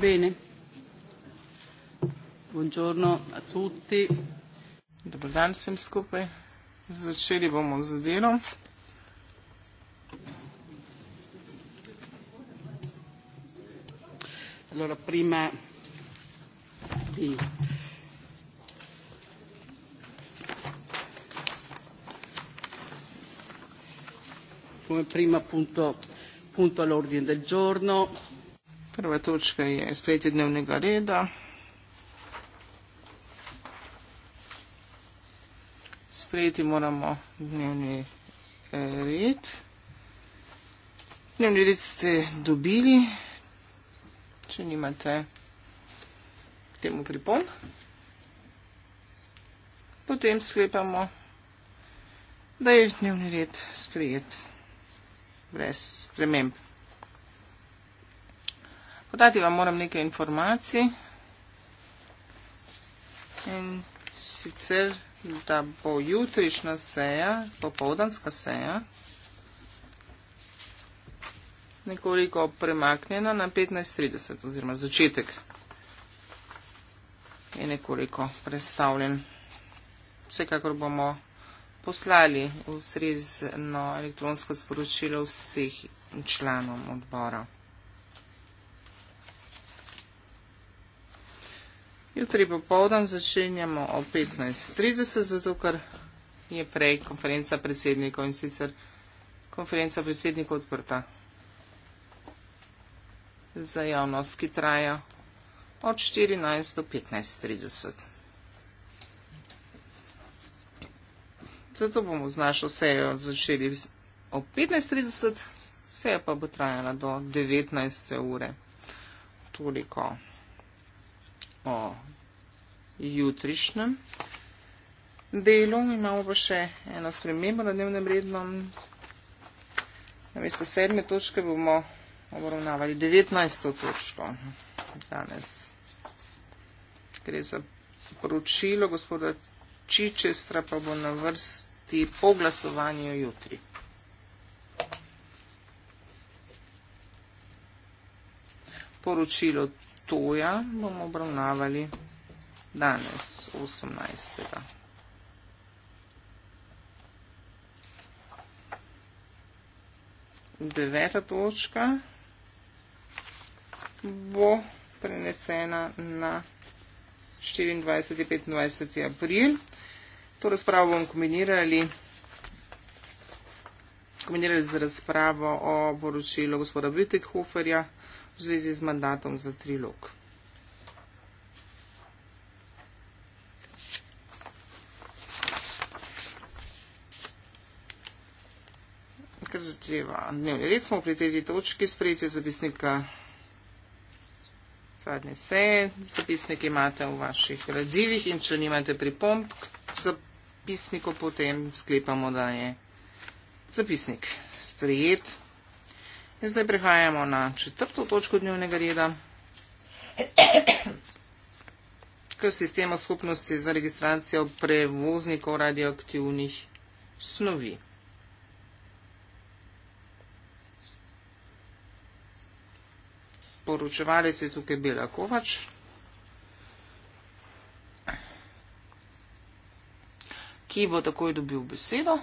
Bene. Buongiorno a tutti. Dobro dan vsem skupaj. Začeli bomo z delom. Allora, prima di come primo appunto, punto all'ordine del giorno Prva točka je sprejetje dnevnega reda. Sprejeti moramo dnevni eh, red. Dnevni red ste dobili, če nimate k temu pripom. Potem sklepamo, da je dnevni red sprejet brez sprememb. Podati vam moram nekaj informacij. In sicer, da bo jutrišnja seja, popovdanska seja, nekoliko premaknjena na 15.30 oziroma začetek je nekoliko predstavljen. Vsekakor bomo poslali ustrezno elektronsko sporočilo vseh članom odbora. Jutri popovdan začenjamo o 15.30, zato ker je prej konferenca predsednikov in sicer konferenca predsednikov odprta za javnost, ki traja od 14 do 15.30. Zato bomo z našo sejo začeli o 15.30, seja pa bo trajala do 19. ure. Toliko o jutrišnjem delu. Imamo pa še eno spremembo na dnevnem rednem. Namesto sedme točke bomo obravnavali 19. točko danes. Gre za poročilo gospoda Čičestra, pa bo na vrsti po glasovanju jutri. Poročilo Ptuja bomo obravnavali danes, 18. Deveta točka bo prenesena na 24.25. april. To razpravo bomo kombinirali, kombinirali z razpravo o poročilu gospoda Bütikhoferja v zvezi z mandatom za trilog. Kar zadeva dnevni red, smo pri tej točki sprejeti zapisnika zadnje seje. Zapisnik imate v vaših gradivih in če nimate pripomb k zapisniku, potem sklepamo, da je zapisnik sprejet. In zdaj prihajamo na četrto točko dnevnega reda, k sistemu skupnosti za registracijo prevoznikov radioaktivnih snovi. Poročevalec je tukaj Bela Kovač. ki bo takoj dobil besedo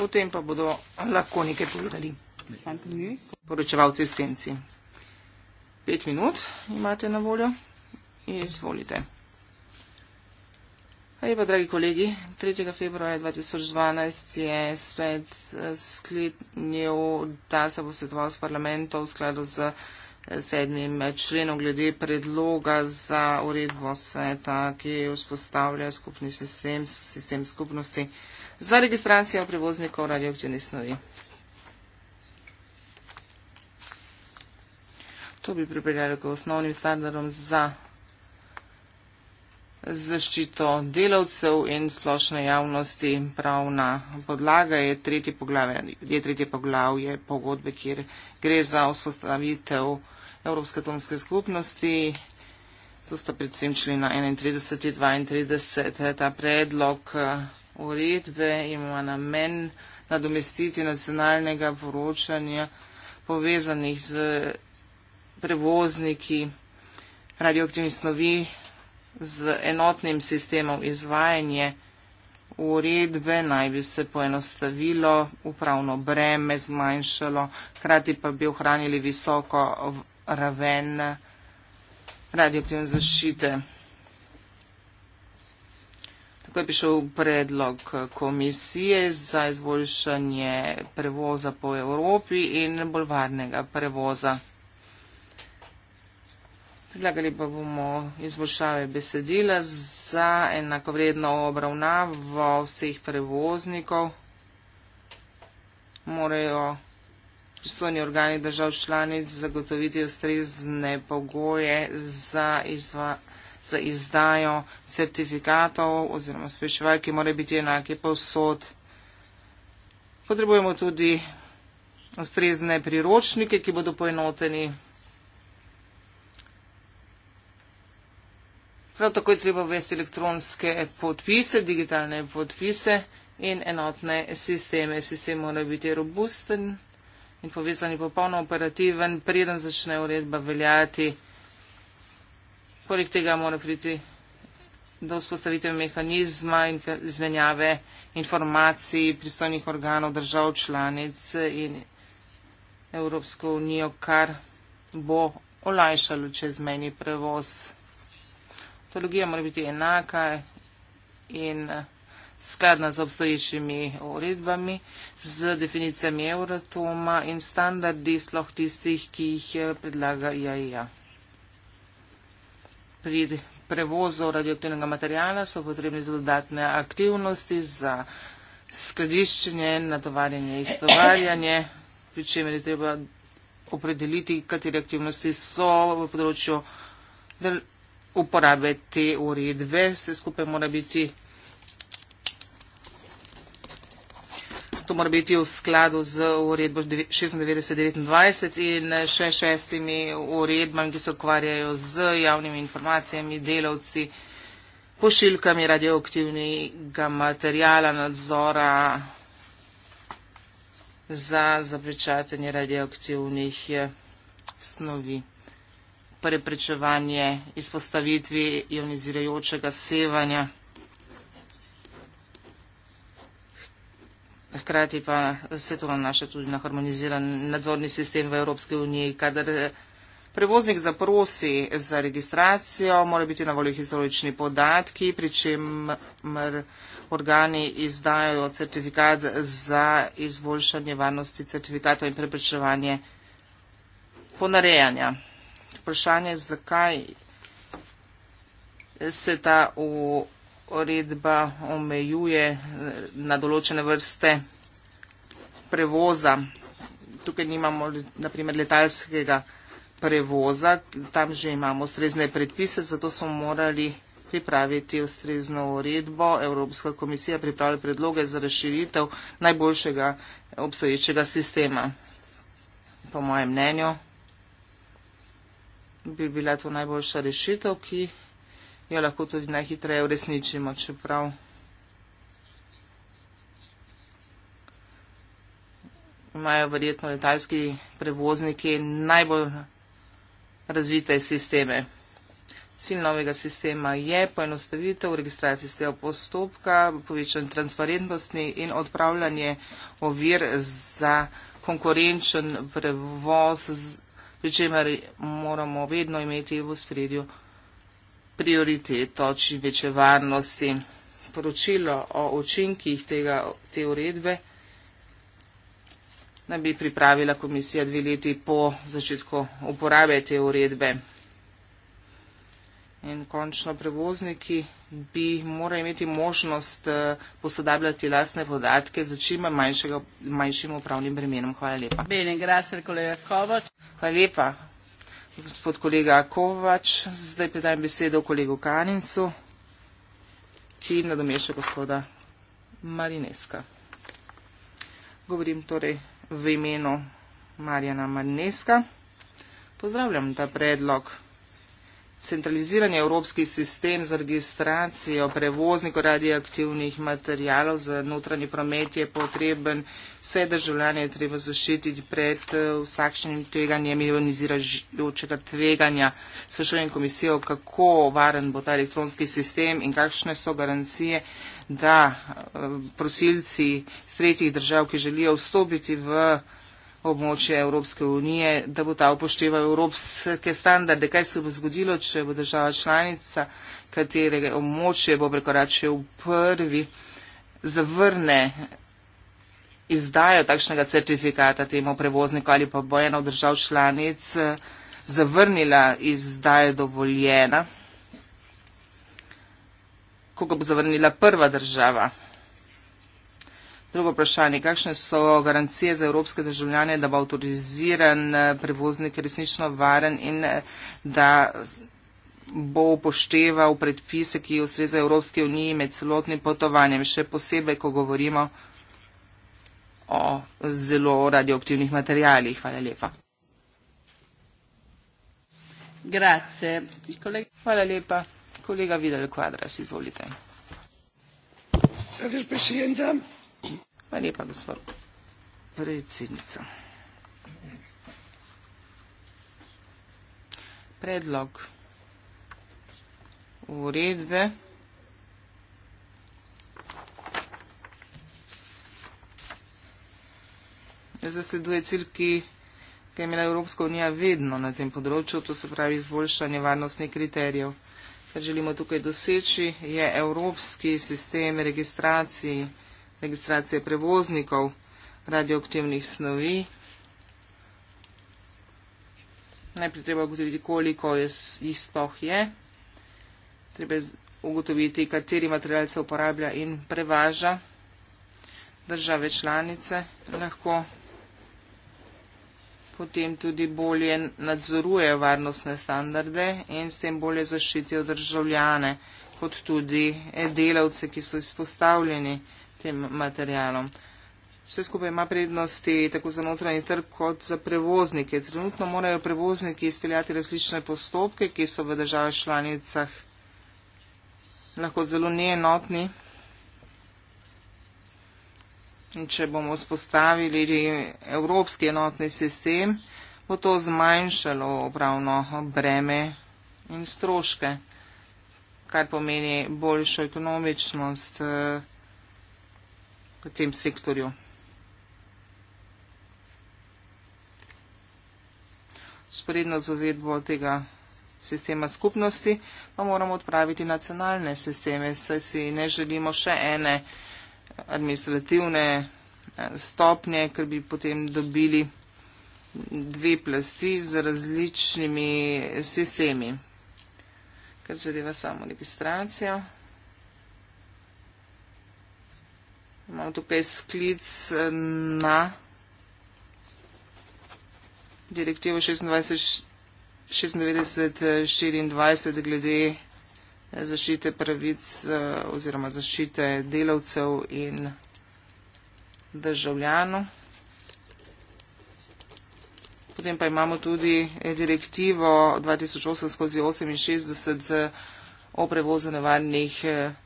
potem pa bodo lahko nekaj povedali. Poročevalci v senci. Pet minut imate na voljo. Izvolite. Hej pa, dragi kolegi, 3. februarja 2012 je svet eh, sklenil, da se bo svetoval s parlamentom v skladu z eh, sedmim eh, členom glede predloga za uredbo sveta, ki je vzpostavlja skupni sistem, sistem skupnosti za registracijo prevoznikov radioaktivni snovi. To bi pripeljalo k osnovnim standardom za zaščito delavcev in splošne javnosti. Pravna podlaga je tretje poglavje, je tretje poglavje pogodbe, kjer gre za vzpostavitev Evropske atomske skupnosti. To sta predvsem člena 31 in 32. Ta predlog uredbe ima namen nadomestiti nacionalnega poročanja povezanih z prevozniki radioaktivnih snovi z enotnim sistemom izvajanje uredbe naj bi se poenostavilo, upravno breme zmanjšalo, krati pa bi ohranili visoko raven radioaktivne zaščite. Tako je prišel predlog komisije za izboljšanje prevoza po Evropi in bolj varnega prevoza. Predlagali pa bomo izboljšave besedila za enakovredno obravnavo vseh prevoznikov. Morajo pristojni organi držav članic zagotoviti ustrezne pogoje za izvajanje za izdajo certifikatov oziroma spričevalki morajo biti enake povsod. Potrebujemo tudi ustrezne priročnike, ki bodo poenoteni. Prav tako je treba uvesti elektronske podpise, digitalne podpise in enotne sisteme. Sistem mora biti robusten in povezan in popolno operativen, preden začne uredba veljati. Poleg tega mora priti do vzpostavitev mehanizma in izmenjave informacij pristojnih organov držav članic in Evropsko unijo, kar bo olajšalo čezmeni prevoz. Tologija mora biti enaka in eh, skladna z obstoječimi uredbami, z definicijami Euratoma in standardi sloh tistih, ki jih eh, predlaga IAEA. E pri prevozu radioaktivnega materijala so potrebne dodatne aktivnosti za skladiščenje, natovarjanje in stovarjanje, pri čemer je treba opredeliti, katere aktivnosti so v področju uporabe te uredbe. Vse skupaj mora biti to mora biti v skladu z uredbo 96-29 in eh, še šestimi uredbami, ki se ukvarjajo z javnimi informacijami, delavci, pošiljkami radioaktivnega materijala, nadzora za zapečatenje radioaktivnih eh, snovi, preprečevanje izpostavitvi ionizirajočega sevanja. Hkrati pa se to nanaša tudi na harmoniziran nadzorni sistem v Evropski uniji. Kadar prevoznik zaprosi za registracijo, mora biti na voljo historični podatki, pri čemer organi izdajo certifikat za izboljšanje varnosti certifikatov in preprečevanje ponarejanja. Vprašanje, zakaj se ta v uredba omejuje eh, na določene vrste prevoza. Tukaj nimamo naprimer letalskega prevoza, tam že imamo strezne predpise, zato smo morali pripraviti ustrezno uredbo. Evropska komisija pripravlja predloge za razširitev najboljšega obstoječega sistema. Po mojem mnenju bi bila to najboljša rešitev, ki jo lahko tudi najhitreje uresničimo, čeprav. Imajo verjetno letalski prevozniki najbolj razvite sisteme. Cilj novega sistema je poenostavitev registracijskega postopka, povečanje transparentnosti in odpravljanje ovir za konkurenčen prevoz, pri čemer moramo vedno imeti v spredju prioriteto, čim večje varnosti. Poročilo o učinkih tega, te uredbe naj bi pripravila komisija dve leti po začetku uporabe te uredbe. In končno prevozniki bi morali imeti možnost eh, posodabljati lasne podatke za čim manjšega, manjšim upravnim bremenom. Hvala lepa. Bene, grazie, Hvala lepa gospod kolega Kovač. Zdaj predajem besedo kolegu Kanincu, ki nadomešča gospoda Marineska. Govorim torej v imenu Marjana Marineska. Pozdravljam ta predlog centralizirani evropski sistem za registracijo prevoznikov radioaktivnih materijalov za notranji promet je potreben, vse državljanje je treba zaščititi pred eh, vsakšnim tveganjem ionizirajočega tveganja. Sprašujem komisijo, kako varen bo ta elektronski sistem in kakšne so garancije, da eh, prosilci z tretjih držav, ki želijo vstopiti v območje Evropske unije, da bo ta upošteval evropske standarde. Kaj se bo zgodilo, če bo država članica, katere območje bo prekoračil prvi, zavrne izdajo takšnega certifikata temu prevozniku ali pa bo ena od držav članic eh, zavrnila izdajo dovoljena, koliko bo zavrnila prva država. Drugo vprašanje, kakšne so garancije za evropske državljane, da bo avtoriziran eh, prevoznik resnično varen in eh, da bo upošteval predpise, ki ustreza Evropske unije med celotnim potovanjem, še posebej, ko govorimo o zelo radioaktivnih materijalih. Hvala lepa. Grazie. Kolega. Hvala lepa. Kolega Videl Kvadras, izvolite. Gracias, Pa lepa, gospod. Predsednica. Predlog uredbe zasleduje cilj, ki je imela Evropska unija vedno na tem področju, to se pravi izboljšanje varnostnih kriterijev. Kar želimo tukaj doseči, je evropski sistem registracij registracije prevoznikov radioaktivnih snovi. Najprej treba ugotoviti, koliko jih sploh je. Treba ugotoviti, kateri material se uporablja in prevaža države članice. Lahko potem tudi bolje nadzoruje varnostne standarde in s tem bolje zaščitijo državljane, kot tudi delavce, ki so izpostavljeni tem materialom. Vse skupaj ima prednosti tako za notranji trg kot za prevoznike. Trenutno morajo prevozniki izpeljati različne postopke, ki so v državah članicah lahko zelo neenotni. In če bomo spostavili evropski enotni sistem, bo to zmanjšalo upravno breme in stroške, kar pomeni boljšo ekonomičnost. Eh, v tem sektorju. Sporedno z uvedbo tega sistema skupnosti pa moramo odpraviti nacionalne sisteme, saj si ne želimo še ene administrativne eh, stopnje, ker bi potem dobili dve plasti z različnimi sistemi. Ker zadeva samo registracijo. Imamo tukaj sklic eh, na direktivo 96-24 glede eh, zašite pravic eh, oziroma zašite delavcev in državljanu. Potem pa imamo tudi direktivo 2008-68 o prevozenovanjih državljanih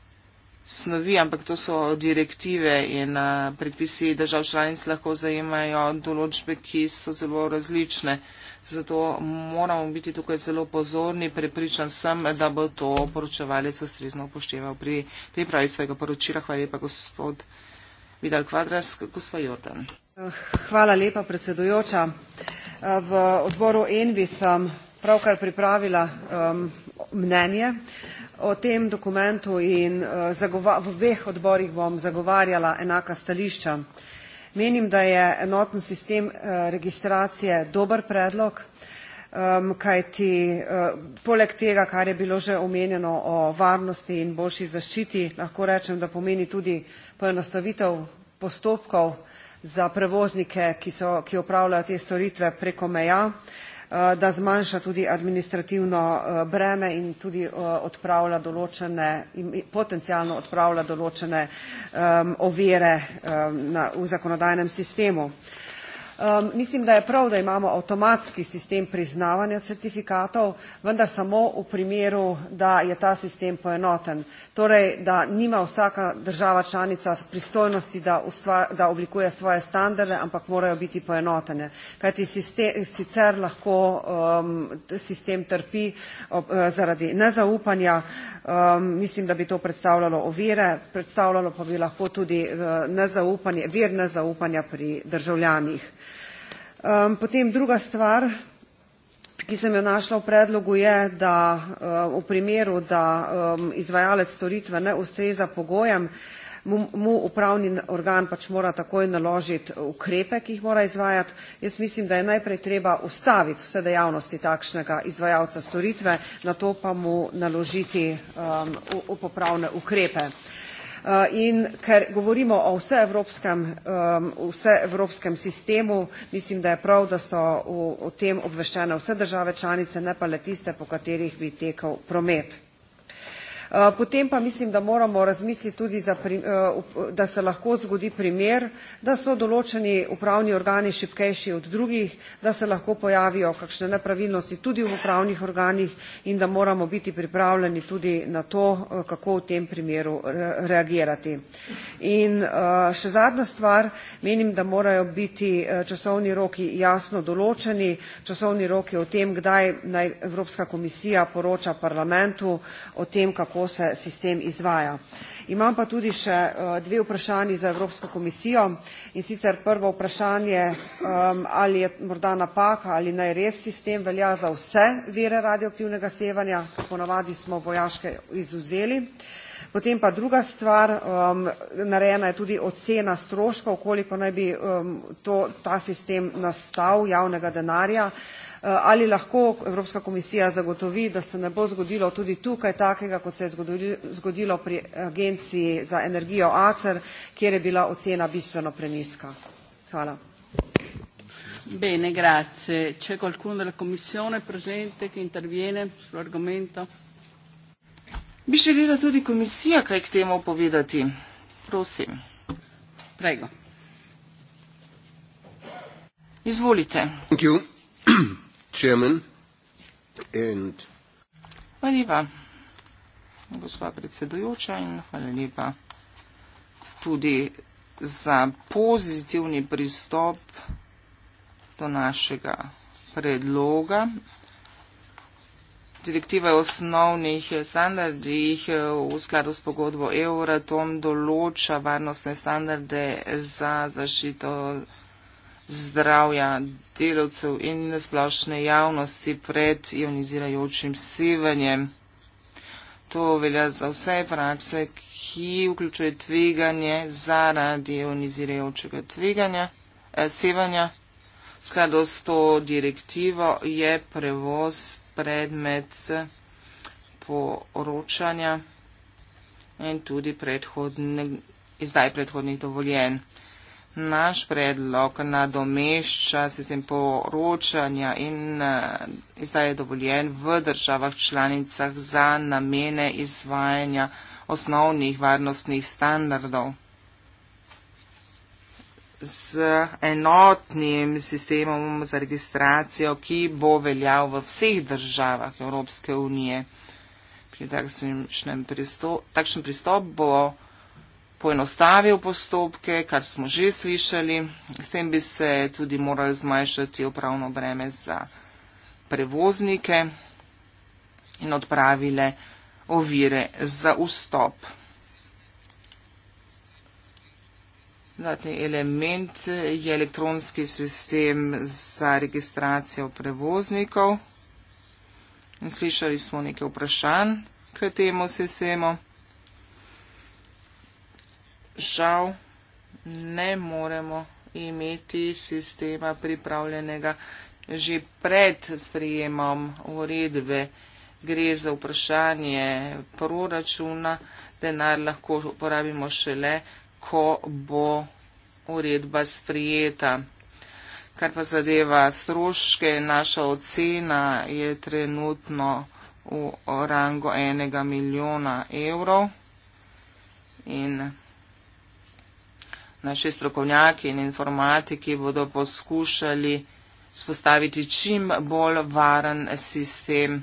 snovi, ampak to so direktive in uh, predpisi držav članic lahko zajemajo določbe, ki so zelo različne. Zato moramo biti tukaj zelo pozorni. Prepričan sem, da bo to poročevalec ustrezno upošteval pri pripravi svojega poročila. Hvala lepa, gospod Vidal Kvadras, gospod Jordan. Eh, hvala lepa, predsedujoča. Eh, v odboru Envi sem pravkar pripravila um, mnenje. Uh, o tem dokumentu in eh, v obeh odborih bom zagovarjala enaka stališča. Menim, da je enoten sistem eh, registracije dober predlog, kajti eh, poleg tega, kar je bilo že omenjeno o varnosti in boljši zaščiti, lahko rečem, da pomeni tudi poenostavitev postopkov za prevoznike, ki opravljajo te storitve preko meja. Eh, da zmanjša tudi administrativno eh, breme in tudi eh, odpravlja določene, potencialno odpravlja določene ovire v zakonodajnem sistemu. Um, mislim, da je prav, da imamo avtomatski sistem priznavanja certifikatov, vendar samo v primeru, da je ta sistem poenoten. Torej, da nima vsaka država članica pristojnosti, da, ustva, da oblikuje svoje standarde, ampak morajo biti poenotene. Kajti sistem, sicer lahko um, sistem trpi ob, eh, zaradi nezaupanja. Um, mislim, da bi to predstavljalo ovire, predstavljalo pa bi lahko tudi uh, nezaupanje, vir nezaupanja pri državljanih. Um, potem druga stvar, ki sem jo našla v predlogu, je, da um, v primeru, da um, izvajalec storitve ne ustreza pogojem, mu, mu upravni organ pač mora takoj naložiti ukrepe, ki jih mora izvajati. Jaz mislim, da je najprej treba ustaviti vse dejavnosti takšnega izvajalca storitve, na to pa mu naložiti um, upopravne ukrepe. Eh, in ker govorimo o vseevropskem, vseevropskem sistemu, mislim, da je prav, da so o tem obveščene vse države članice, ne pa le tiste, po katerih bi tekel promet. Eh, potem pa mislim, da moramo razmisliti tudi, za, eh, da se lahko zgodi primer, da so določeni upravni organi šipkejši od drugih, da se lahko pojavijo kakšne nepravilnosti tudi v upravnih organih in da moramo biti pripravljeni tudi na to, eh, kako v tem primeru reagirati. In še zadnja stvar, menim, da morajo biti časovni roki jasno določeni, časovni roki o tem, kdaj naj Evropska komisija poroča parlamentu o tem, kako kako se sistem izvaja. Imam pa tudi še eh, dve vprašanji za Evropsko komisijo in sicer prvo vprašanje, ali je morda napaka ali naj res sistem velja za vse vere radioaktivnega sevanja, ponovadi smo vojaške izuzeli. Potem pa druga stvar, narejena je tudi ocena stroškov, koliko naj bi ta sistem nastal javnega denarja. Eh, ali lahko Evropska komisija zagotovi, da se ne bo zgodilo tudi tukaj takega, kot se je zgodilo pri Agenciji za energijo ACER, kjer je bila ocena bistveno preniska. Hvala. Bene, grazie. C'è qualcuno della Commissione presente che interviene sull'argomento? Bi želela tudi komisija kaj k temu povedati. Prosim. Prego. Izvolite. Thank you. Chairman, and hvala lepa, gospod predsedujoča in hvala lepa tudi za pozitivni pristop do našega predloga. Direktiva o osnovnih standardih v skladu s pogodbo Euratom določa varnostne standarde za zaščito zdravja delavcev in nasplošne javnosti pred ionizirajočim sevanjem. To velja za vse prakse, ki vključuje tveganje zaradi ionizirajočega tveganja, eh, sevanja. Skladu s to direktivo je prevoz predmet poročanja in tudi predhodne, izdaj predhodnih dovoljenj naš predlog nadomešča sistem poročanja in eh, izdaje dovoljen v državah članicah za namene izvajanja osnovnih varnostnih standardov. Z enotnim sistemom za registracijo, ki bo veljal v vseh državah Evropske unije. Pri takšnem pristop, takšen pristop bo poenostavil postopke, kar smo že slišali. S tem bi se tudi moralo zmanjšati upravno breme za prevoznike in odpravile ovire za vstop. Dodatni element je elektronski sistem za registracijo prevoznikov. In slišali smo nekaj vprašanj k temu sistemu žal ne moremo imeti sistema pripravljenega že pred sprejemom uredbe. Gre za vprašanje proračuna, denar lahko uporabimo šele, ko bo uredba sprijeta. Kar pa zadeva stroške, naša ocena je trenutno v rango enega milijona evrov. In naši strokovnjaki in informatiki bodo poskušali spostaviti čim bolj varen sistem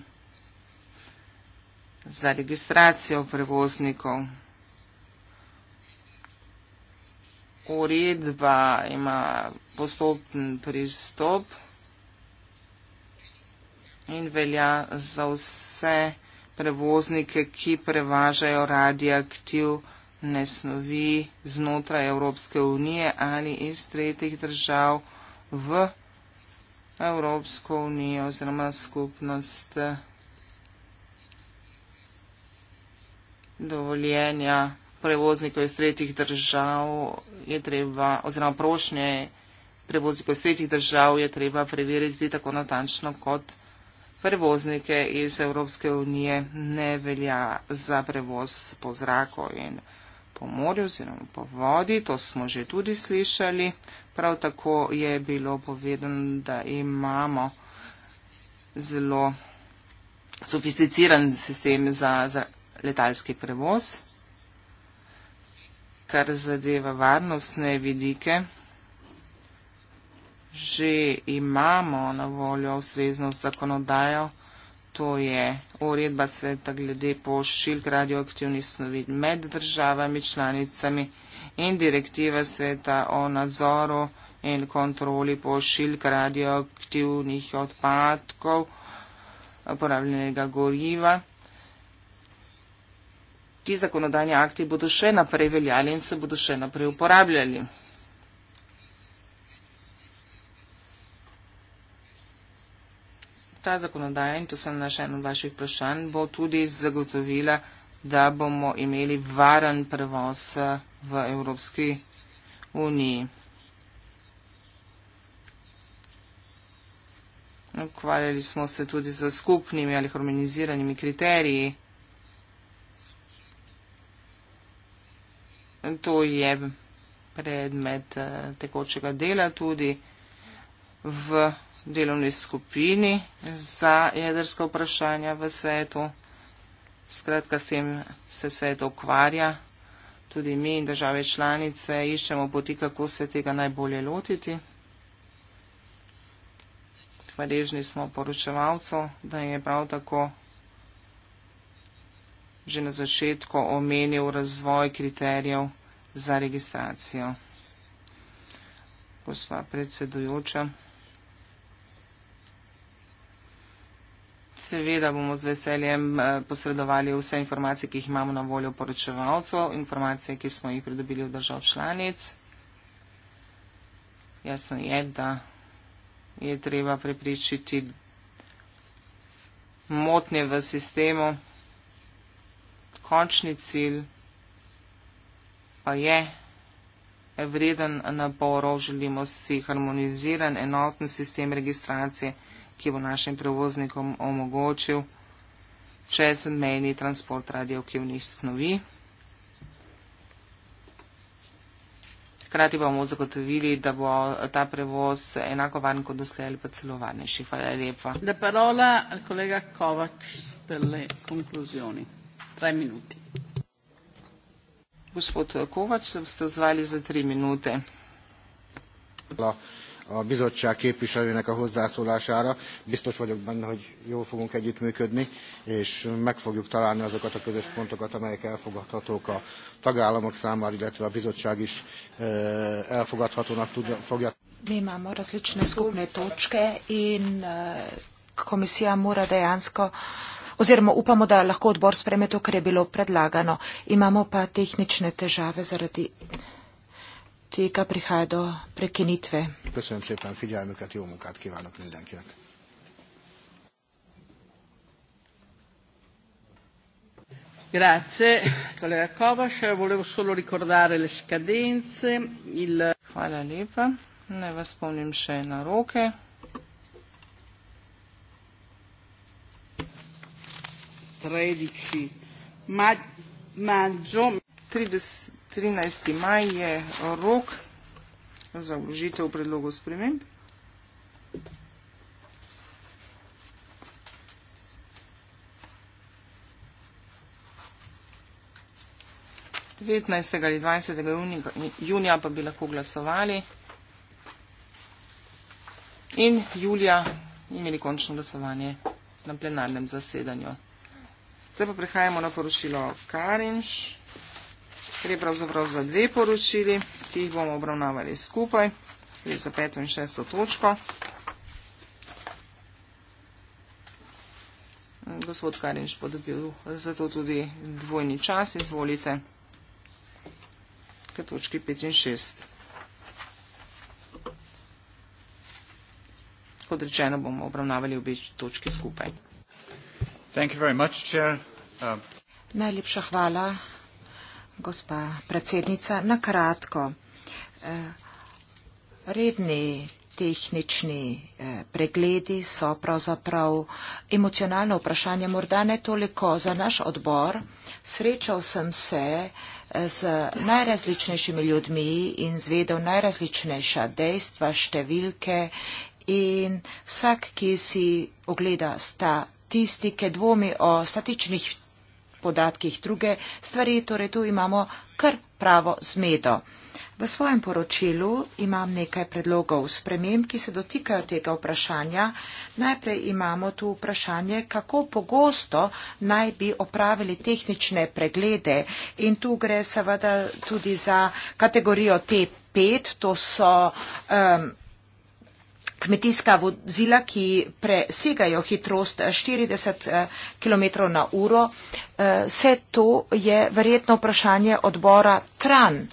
za registracijo prevoznikov. Uredba ima postopen pristop in velja za vse prevoznike, ki prevažajo radioaktivno ne snovi znotraj Evropske unije ali iz tretjih držav v Evropsko unijo oziroma skupnost eh, dovoljenja prevoznikov iz tretjih držav je treba, oziroma prošnje prevoznikov iz tretjih držav je treba preveriti tako natančno kot prevoznike iz Evropske unije ne velja za prevoz po zraku in po morju oziroma po vodi, to smo že tudi slišali. Prav tako je bilo povedano, da imamo zelo sofisticiran sistem za, za letalski prevoz, kar zadeva varnostne vidike. Že imamo na voljo ustrezno zakonodajo, to je uredba sveta glede pošiljk radioaktivnih snovi med državami članicami in direktiva sveta o nadzoru in kontroli pošiljk radioaktivnih odpadkov, uporabljenega goriva. Ti zakonodajni akti bodo še naprej veljali in se bodo še naprej uporabljali. ta zakonodaja, in to sem na še eno vaših vprašanj, bo tudi zagotovila, da bomo imeli varen prevoz eh, v Evropski uniji. Ukvarjali smo se tudi z skupnimi ali harmoniziranimi kriteriji. To je predmet eh, tekočega dela tudi v delovni skupini za jedrska vprašanja v svetu. Skratka, s tem se svet ukvarja. Tudi mi in države članice iščemo poti, kako se tega najbolje lotiti. Hvaležni smo poročevalcev, da je prav tako že na začetku omenil razvoj kriterijev za registracijo. Gospa predsedujoča. Seveda bomo z veseljem eh, posredovali vse informacije, ki jih imamo na voljo poročevalcev, informacije, ki smo jih pridobili v držav članic. Jasno je, da je treba prepričiti motnje v sistemu. Končni cilj pa je vreden naporov, želimo si harmoniziran, enoten sistem registracije ki bo našim prevoznikom omogočil čezmejni transport radioaktivnih snovi. Hkrati bomo zagotovili, da bo ta prevoz enako varen kot doslej ali pa celo varnejši. Hvala lepa. Da parola kolega Kovač per le konkluzioni. Tre minuti. Gospod Kovač, se boste zvali za tri minute. Hvala a bizottság képviselőjének a hozzászólására. Biztos vagyok benne, hogy jól fogunk együttműködni, és meg fogjuk találni azokat a közös pontokat, amelyek elfogadhatók a tagállamok számára, illetve a bizottság is e, elfogadhatónak tudja, fogja. Mi máme različné skupné točke in komisija mora dejansko, oziroma upamo, da lahko odbor spreme to, kar je bilo predlagano. Imamo pa tehnične težave zaradi teka prihaja do prekinitve. Prosim, sepan, figyelmüket, jó munkát kívánok mindenkinek. Grazie. Collega Kovas, volevo solo ricordare le scadenze. Il... Hvala lepa. Ne vas spomnim še na roke. Tredici. Ma... Maggio. 30... 13. maj je rok za vložitev predlogov sprememb. devetnajstega ali dvajsetega junija pa bi lahko glasovali in julija imeli končno glasovanje na plenarnem zasedanju. Zdaj pa prehajamo na poročilo Karinš. Gre pravzaprav za dve poročili, ki jih bomo obravnavali skupaj. Gre za peto in šesto točko. Gospod Karinč bo dobil zato tudi dvojni čas. Izvolite k točki 5 in 6. Kot rečeno, bomo obravnavali obe točki skupaj. Uh, Najlepša hvala, gospa predsednica, na kratko. Eh, redni tehnični eh, pregledi so pravzaprav emocionalno vprašanje, morda ne toliko za naš odbor. Srečal sem se eh, z najrazličnejšimi ljudmi in zvedel najrazličnejša dejstva, številke in vsak, ki si ogleda sta tisti, ki dvomi o statičnih podatkih druge stvari, torej tu imamo kar pravo zmedo. V svojem poročilu imam nekaj predlogov sprememb, ki se dotikajo tega vprašanja. Najprej imamo tu vprašanje, kako pogosto naj bi opravili tehnične preglede in tu gre seveda tudi za kategorijo T5, to so. Um, kmetijska vozila, ki presegajo hitrost 40 eh, km na uro. Eh, vse to je verjetno vprašanje odbora TRAN.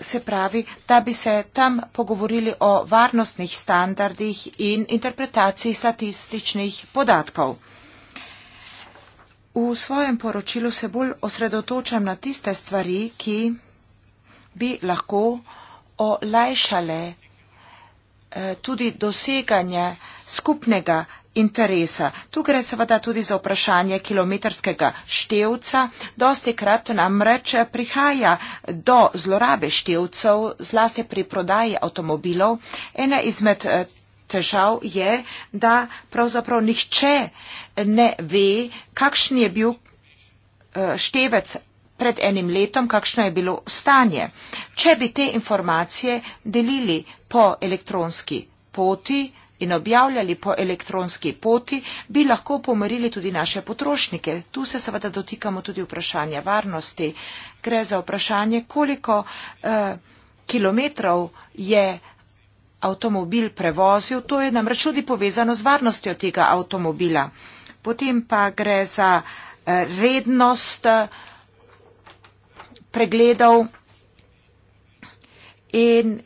Se pravi, da bi se tam pogovorili o varnostnih standardih in interpretaciji statističnih podatkov. V svojem poročilu se bolj osredotočam na tiste stvari, ki bi lahko olajšale Eh, tudi doseganje skupnega interesa. Tu gre seveda tudi za vprašanje kilometrskega števca. Dosti krat nam reč prihaja do zlorabe števcev, zlasti pri prodaji avtomobilov. Ena izmed eh, težav je, da pravzaprav nihče ne ve, kakšen je bil eh, števec pred enim letom, kakšno je bilo stanje. Če bi te informacije delili po elektronski poti in objavljali po elektronski poti, bi lahko pomerili tudi naše potrošnike. Tu se seveda dotikamo tudi vprašanja varnosti. Gre za vprašanje, koliko eh, kilometrov je avtomobil prevozil. To je namreč tudi povezano z varnostjo tega avtomobila. Potem pa gre za eh, rednost. Eh, pregledal in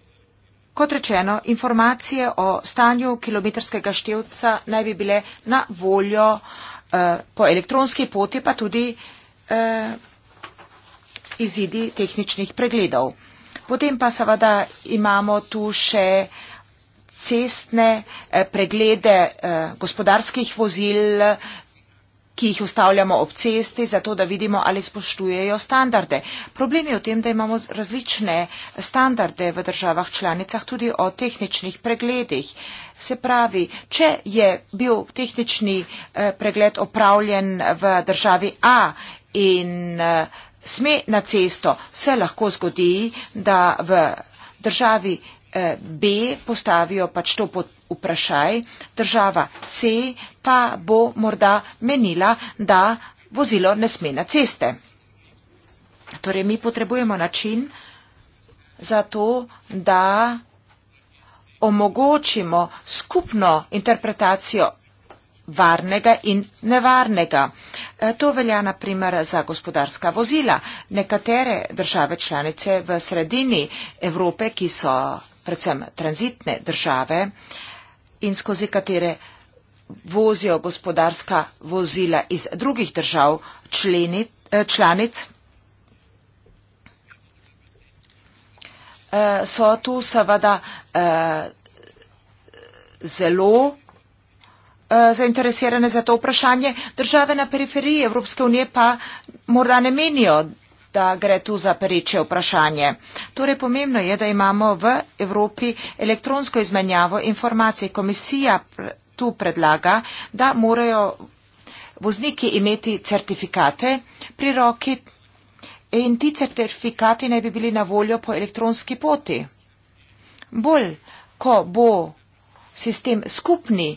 kot rečeno, informacije o stanju kilometrskega števca naj bi bile na voljo eh, po elektronski poti, pa tudi eh, izidi tehničnih pregledov. Potem pa seveda imamo tu še cestne eh, preglede gospodarskih vozil, ki jih ustavljamo ob cesti, zato da vidimo, ali spoštujejo standarde. Problem je v tem, da imamo različne standarde v državah članicah tudi o tehničnih pregledih. Se pravi, če je bil tehnični eh, pregled opravljen v državi A in eh, sme na cesto, se lahko zgodi, da v državi B Eh, B postavijo pač to pod vprašaj, država C pa bo morda menila, da vozilo ne sme na ceste. Torej, mi potrebujemo način za to, da omogočimo skupno interpretacijo varnega in nevarnega. Eh, to velja naprimer za gospodarska vozila. Nekatere države članice v sredini Evrope, ki so predvsem tranzitne države in skozi katere vozijo gospodarska vozila iz drugih držav členi, eh, članic, eh, so tu seveda eh, zelo zainteresirane za to vprašanje. Države na periferiji Evropske unije pa morda ne menijo, da gre tu za pereče vprašanje. Torej pomembno je, da imamo v Evropi elektronsko izmenjavo informacij. Komisija tu predlaga, da morajo vozniki imeti certifikate pri roki in ti certifikati naj bi bili na voljo po elektronski poti. Bolj, ko bo sistem skupni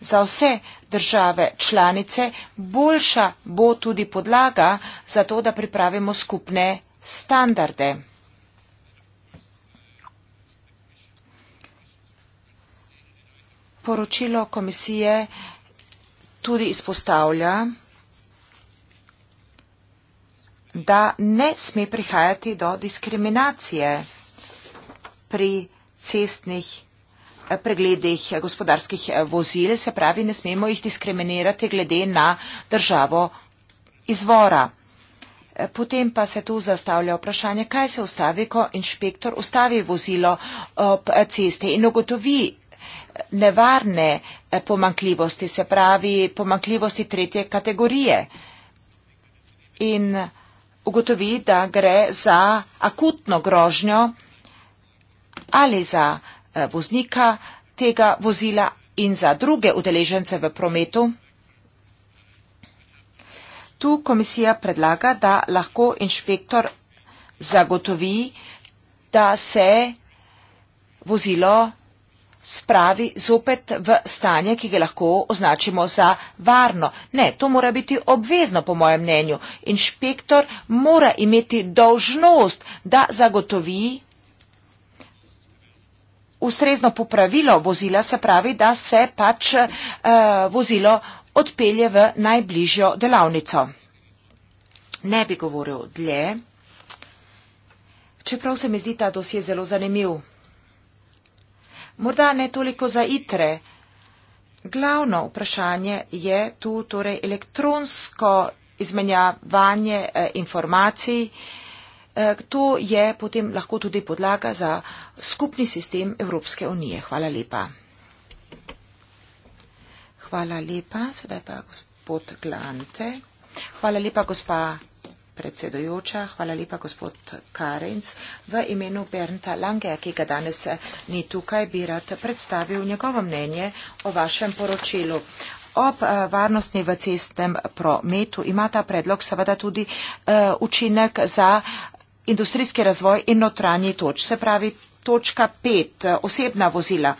za vse države članice, boljša bo tudi podlaga za to, da pripravimo skupne standarde. Poročilo komisije tudi izpostavlja, da ne sme prihajati do diskriminacije pri cestnih pregledih eh, gospodarskih eh, vozil, se pravi, ne smemo jih diskriminirati glede na državo izvora. Eh, potem pa se tu zastavlja vprašanje, kaj se ustavi, ko inšpektor ustavi vozilo ob ceste in ugotovi nevarne pomankljivosti, se pravi pomankljivosti tretje kategorije in ugotovi, da gre za akutno grožnjo ali za Eh, voznika tega vozila in za druge udeležence v prometu. Tu komisija predlaga, da lahko inšpektor zagotovi, da se vozilo spravi zopet v stanje, ki ga lahko označimo za varno. Ne, to mora biti obvezno, po mojem mnenju. Inšpektor mora imeti dožnost, da zagotovi, ustrezno popravilo vozila, se pravi, da se pač eh, vozilo odpelje v najbližjo delavnico. Ne bi govoril dlje, čeprav se mi zdi ta dosje zelo zanimiv. Morda ne toliko za itre. Glavno vprašanje je tu torej elektronsko izmenjavanje eh, informacij eh, Eh, to je potem lahko tudi podlaga za skupni sistem Evropske unije. Hvala lepa. Hvala lepa. Sedaj pa gospod Glante. Hvala lepa, gospa predsedojoča. Hvala lepa, gospod Karenc. V imenu Bernta Lange, ki ga danes eh, ni tukaj, bi rad predstavil njegovo mnenje o vašem poročilu. Ob eh, varnostni v cestnem prometu ima ta predlog seveda tudi učinek za industrijski razvoj in notranji toč, se pravi točka pet, eh, osebna vozila.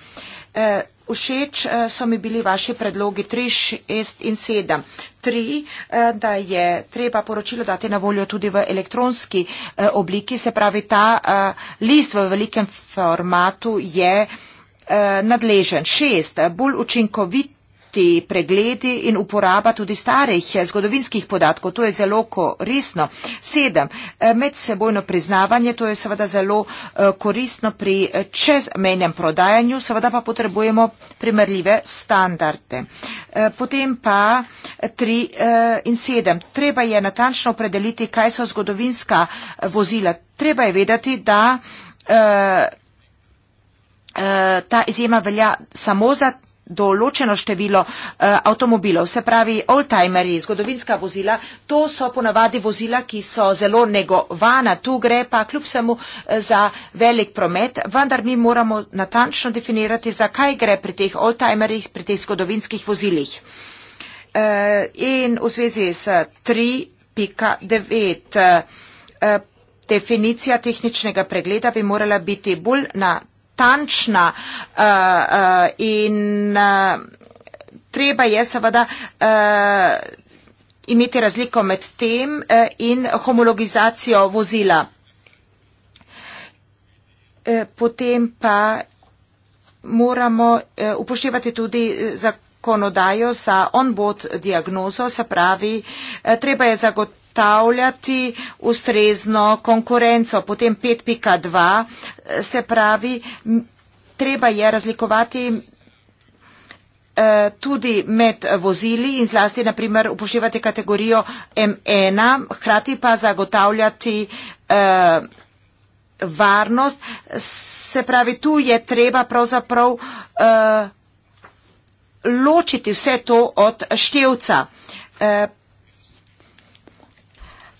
E, všeč eh, so mi bili vaši predlogi tri, šest in sedem. Tri, da je treba poročilo dati na voljo tudi v elektronski obliki, se pravi ta list v velikem formatu je nadležen. Šest, bolj učinkovit ti pregledi in uporaba tudi starih eh, zgodovinskih podatkov. To je zelo koristno. Sedem, eh, medsebojno priznavanje, to je seveda zelo eh, koristno pri čezmenjem prodajanju, seveda pa potrebujemo primerljive standarde. Potem pa tri in sedem, treba je natančno opredeliti, kaj so zgodovinska vozila. Treba je vedeti, da ta izjema velja samo za določeno število uh, avtomobilov, se pravi oldtimeri, zgodovinska vozila, to so ponavadi vozila, ki so zelo negovana, tu gre pa kljub vsemu eh, za velik promet, vendar mi moramo natančno definirati, zakaj gre pri teh oldtimerih, pri teh zgodovinskih vozilih. Uh, in v zvezi s 3.9. Uh, Definicija tehničnega pregleda bi morala biti bolj na natančna uh, uh, in uh, treba je seveda uh, imeti razliko med tem uh, in homologizacijo vozila. Potem pa moramo upoštevati tudi zakonodajo za on-board diagnozo, se pravi, treba je zagotoviti vzpostavljati ustrezno konkurenco. Potem 5.2 se pravi, treba je razlikovati eh, tudi med vozili in zlasti, naprimer, upoštevati kategorijo M1, hkrati pa zagotavljati uh, varnost. Se pravi, tu je treba pravzaprav uh, ločiti vse to od števca. Uh,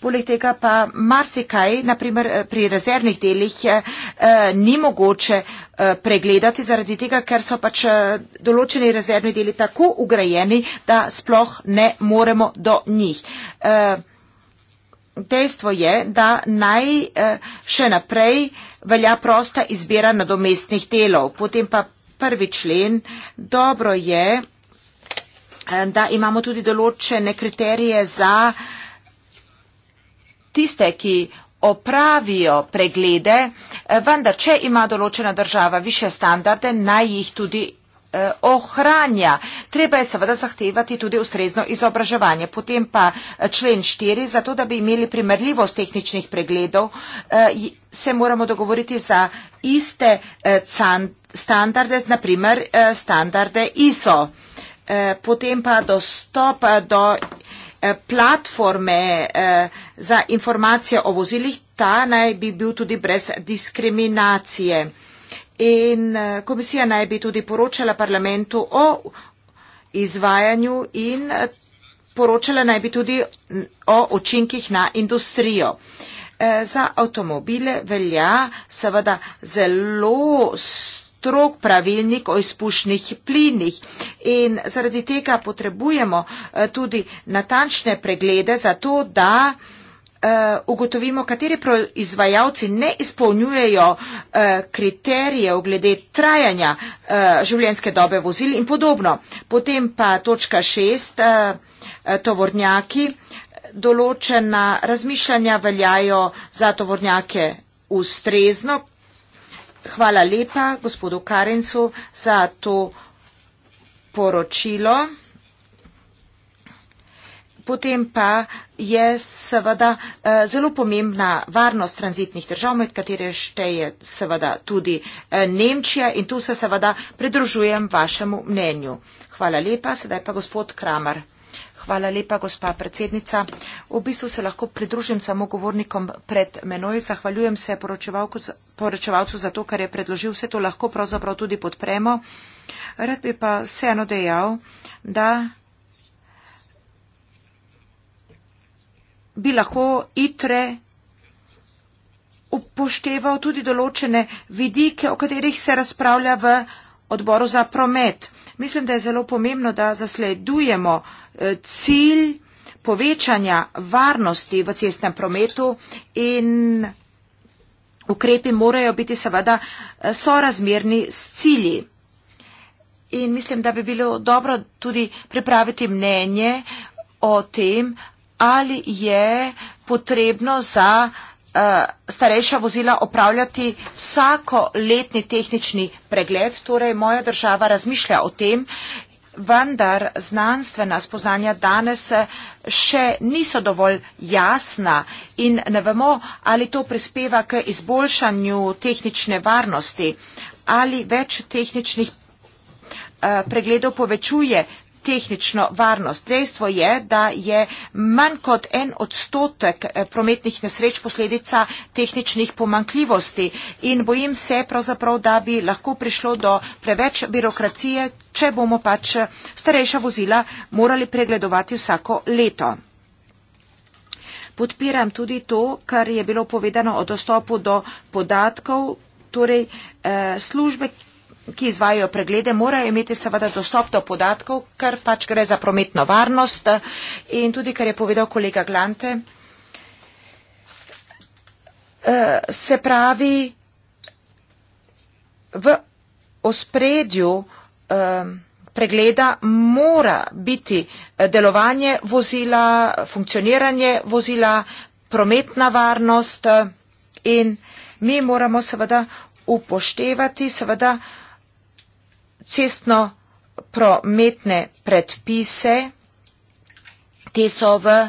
Poleg tega pa marsikaj, naprimer eh, pri rezervnih delih, eh, eh, ni mogoče pregledati zaradi tega, ker so pač določeni rezervni deli tako ugrajeni, da sploh ne moremo do njih. Dejstvo je, da naj še naprej velja prosta izbira nadomestnih delov. Potem pa prvi člen. Dobro je, da imamo tudi določene kriterije za tiste, ki opravijo preglede, eh, vendar če ima določena država više standarde, naj jih tudi eh, ohranja. Treba je seveda zahtevati tudi ustrezno izobraževanje. Potem pa eh, člen 4, zato da bi imeli primerljivost tehničnih pregledov, se moramo dogovoriti za iste standarde, naprimer standarde ISO. Potem pa dostop do Eh, platforme eh, za informacije o vozilih, ta naj bi bil tudi brez diskriminacije. In eh, komisija naj bi tudi poročala parlamentu o izvajanju in poročala naj bi tudi o očinkih na industrijo. Za avtomobile velja seveda zelo strojno, strok pravilnik o izpušnih plinih in zaradi tega potrebujemo eh, tudi natančne preglede za to, da eh, ugotovimo, kateri proizvajalci ne izpolnjujejo eh, kriterije v glede trajanja življenjske dobe vozil in podobno. Potem pa točka šest, tovornjaki, določena razmišljanja veljajo za tovornjake ustrezno, Hvala lepa gospodu Karencu za to poročilo. Potem pa je seveda eh, zelo pomembna varnost tranzitnih držav, med katere šteje seveda tudi eh, Nemčija in tu se seveda pridružujem vašemu mnenju. Hvala lepa, sedaj pa gospod Kramar. Hvala lepa, gospa predsednica. V bistvu se lahko pridružim samo govornikom pred menoj. Zahvaljujem se poročevalcu za to, kar je predložil. Vse to lahko pravzaprav tudi podpremo. Rad bi pa vseeno dejal, da bi lahko itre upošteval tudi določene vidike, o katerih se razpravlja v odboru za promet. Mislim, da je zelo pomembno, da zasledujemo Eh, cilj povečanja varnosti v cestnem prometu in ukrepi morajo biti seveda eh, sorazmerni s cilji. In mislim, da bi bilo dobro tudi pripraviti mnenje o tem, ali je potrebno za eh, starejša vozila opravljati vsako letni tehnični pregled. Torej, moja država razmišlja o tem vendar znanstvena spoznanja danes eh, še niso dovolj jasna in ne vemo, ali to prispeva k izboljšanju tehnične varnosti ali več tehničnih eh, pregledov povečuje tehnično varnost. Dejstvo je, da je manj kot en odstotek eh, prometnih nesreč posledica tehničnih pomankljivosti in bojim se pravzaprav, da bi lahko prišlo do preveč birokracije, če bomo pač eh, starejša vozila morali pregledovati vsako leto. Podpiram tudi to, kar je bilo povedano o dostopu do podatkov, torej eh, službe, ki izvajo preglede, morajo imeti seveda dostop do podatkov, ker pač gre za prometno varnost in tudi, kar je povedal kolega Glante, eh, se pravi v ospredju eh, pregleda mora biti eh, delovanje vozila, funkcioniranje vozila, prometna varnost in mi moramo seveda upoštevati seveda uh, cestno prometne predpise, te so v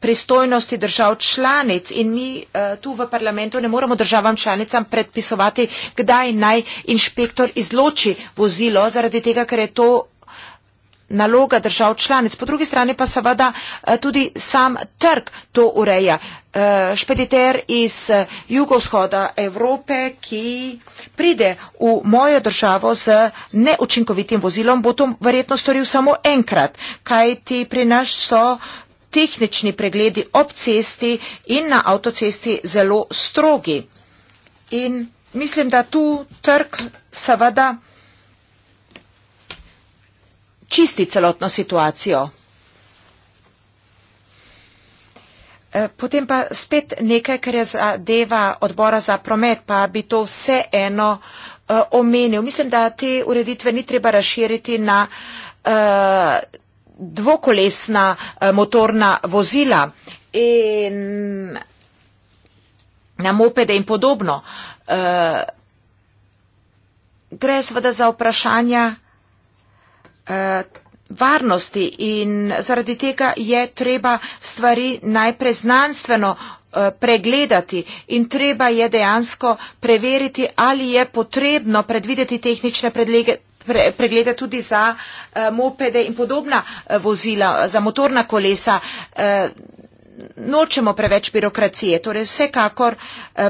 pristojnosti držav članic in mi uh, tu v parlamentu ne moremo državam članicam predpisovati, kdaj naj inšpektor izloči vozilo, zaradi tega, ker je to naloga držav članic. Po drugi strani pa seveda uh, tudi sam trg to ureja. Uh, Eh, špediter iz eh, jugovzhoda Evrope, ki pride v mojo državo z neučinkovitim vozilom, bo to verjetno storil samo enkrat, kaj ti pri nas so tehnični pregledi ob cesti in na avtocesti zelo strogi. In mislim, da tu trg seveda čisti celotno situacijo. Eh, potem pa spet nekaj, kar je zadeva odbora za promet, pa bi to vseeno eh, omenil. Mislim, da te ureditve ni treba razširiti na eh, dvokolesna motorna vozila in na mopede in podobno. Gre seveda za vprašanja varnosti in zaradi tega je treba stvari najprej znanstveno eh, pregledati in treba je dejansko preveriti, ali je potrebno predvideti tehnične predlege, pre, preglede tudi za uh, mopede in podobna uh, vozila, za motorna kolesa. Uh, nočemo preveč birokracije, torej vsekakor uh,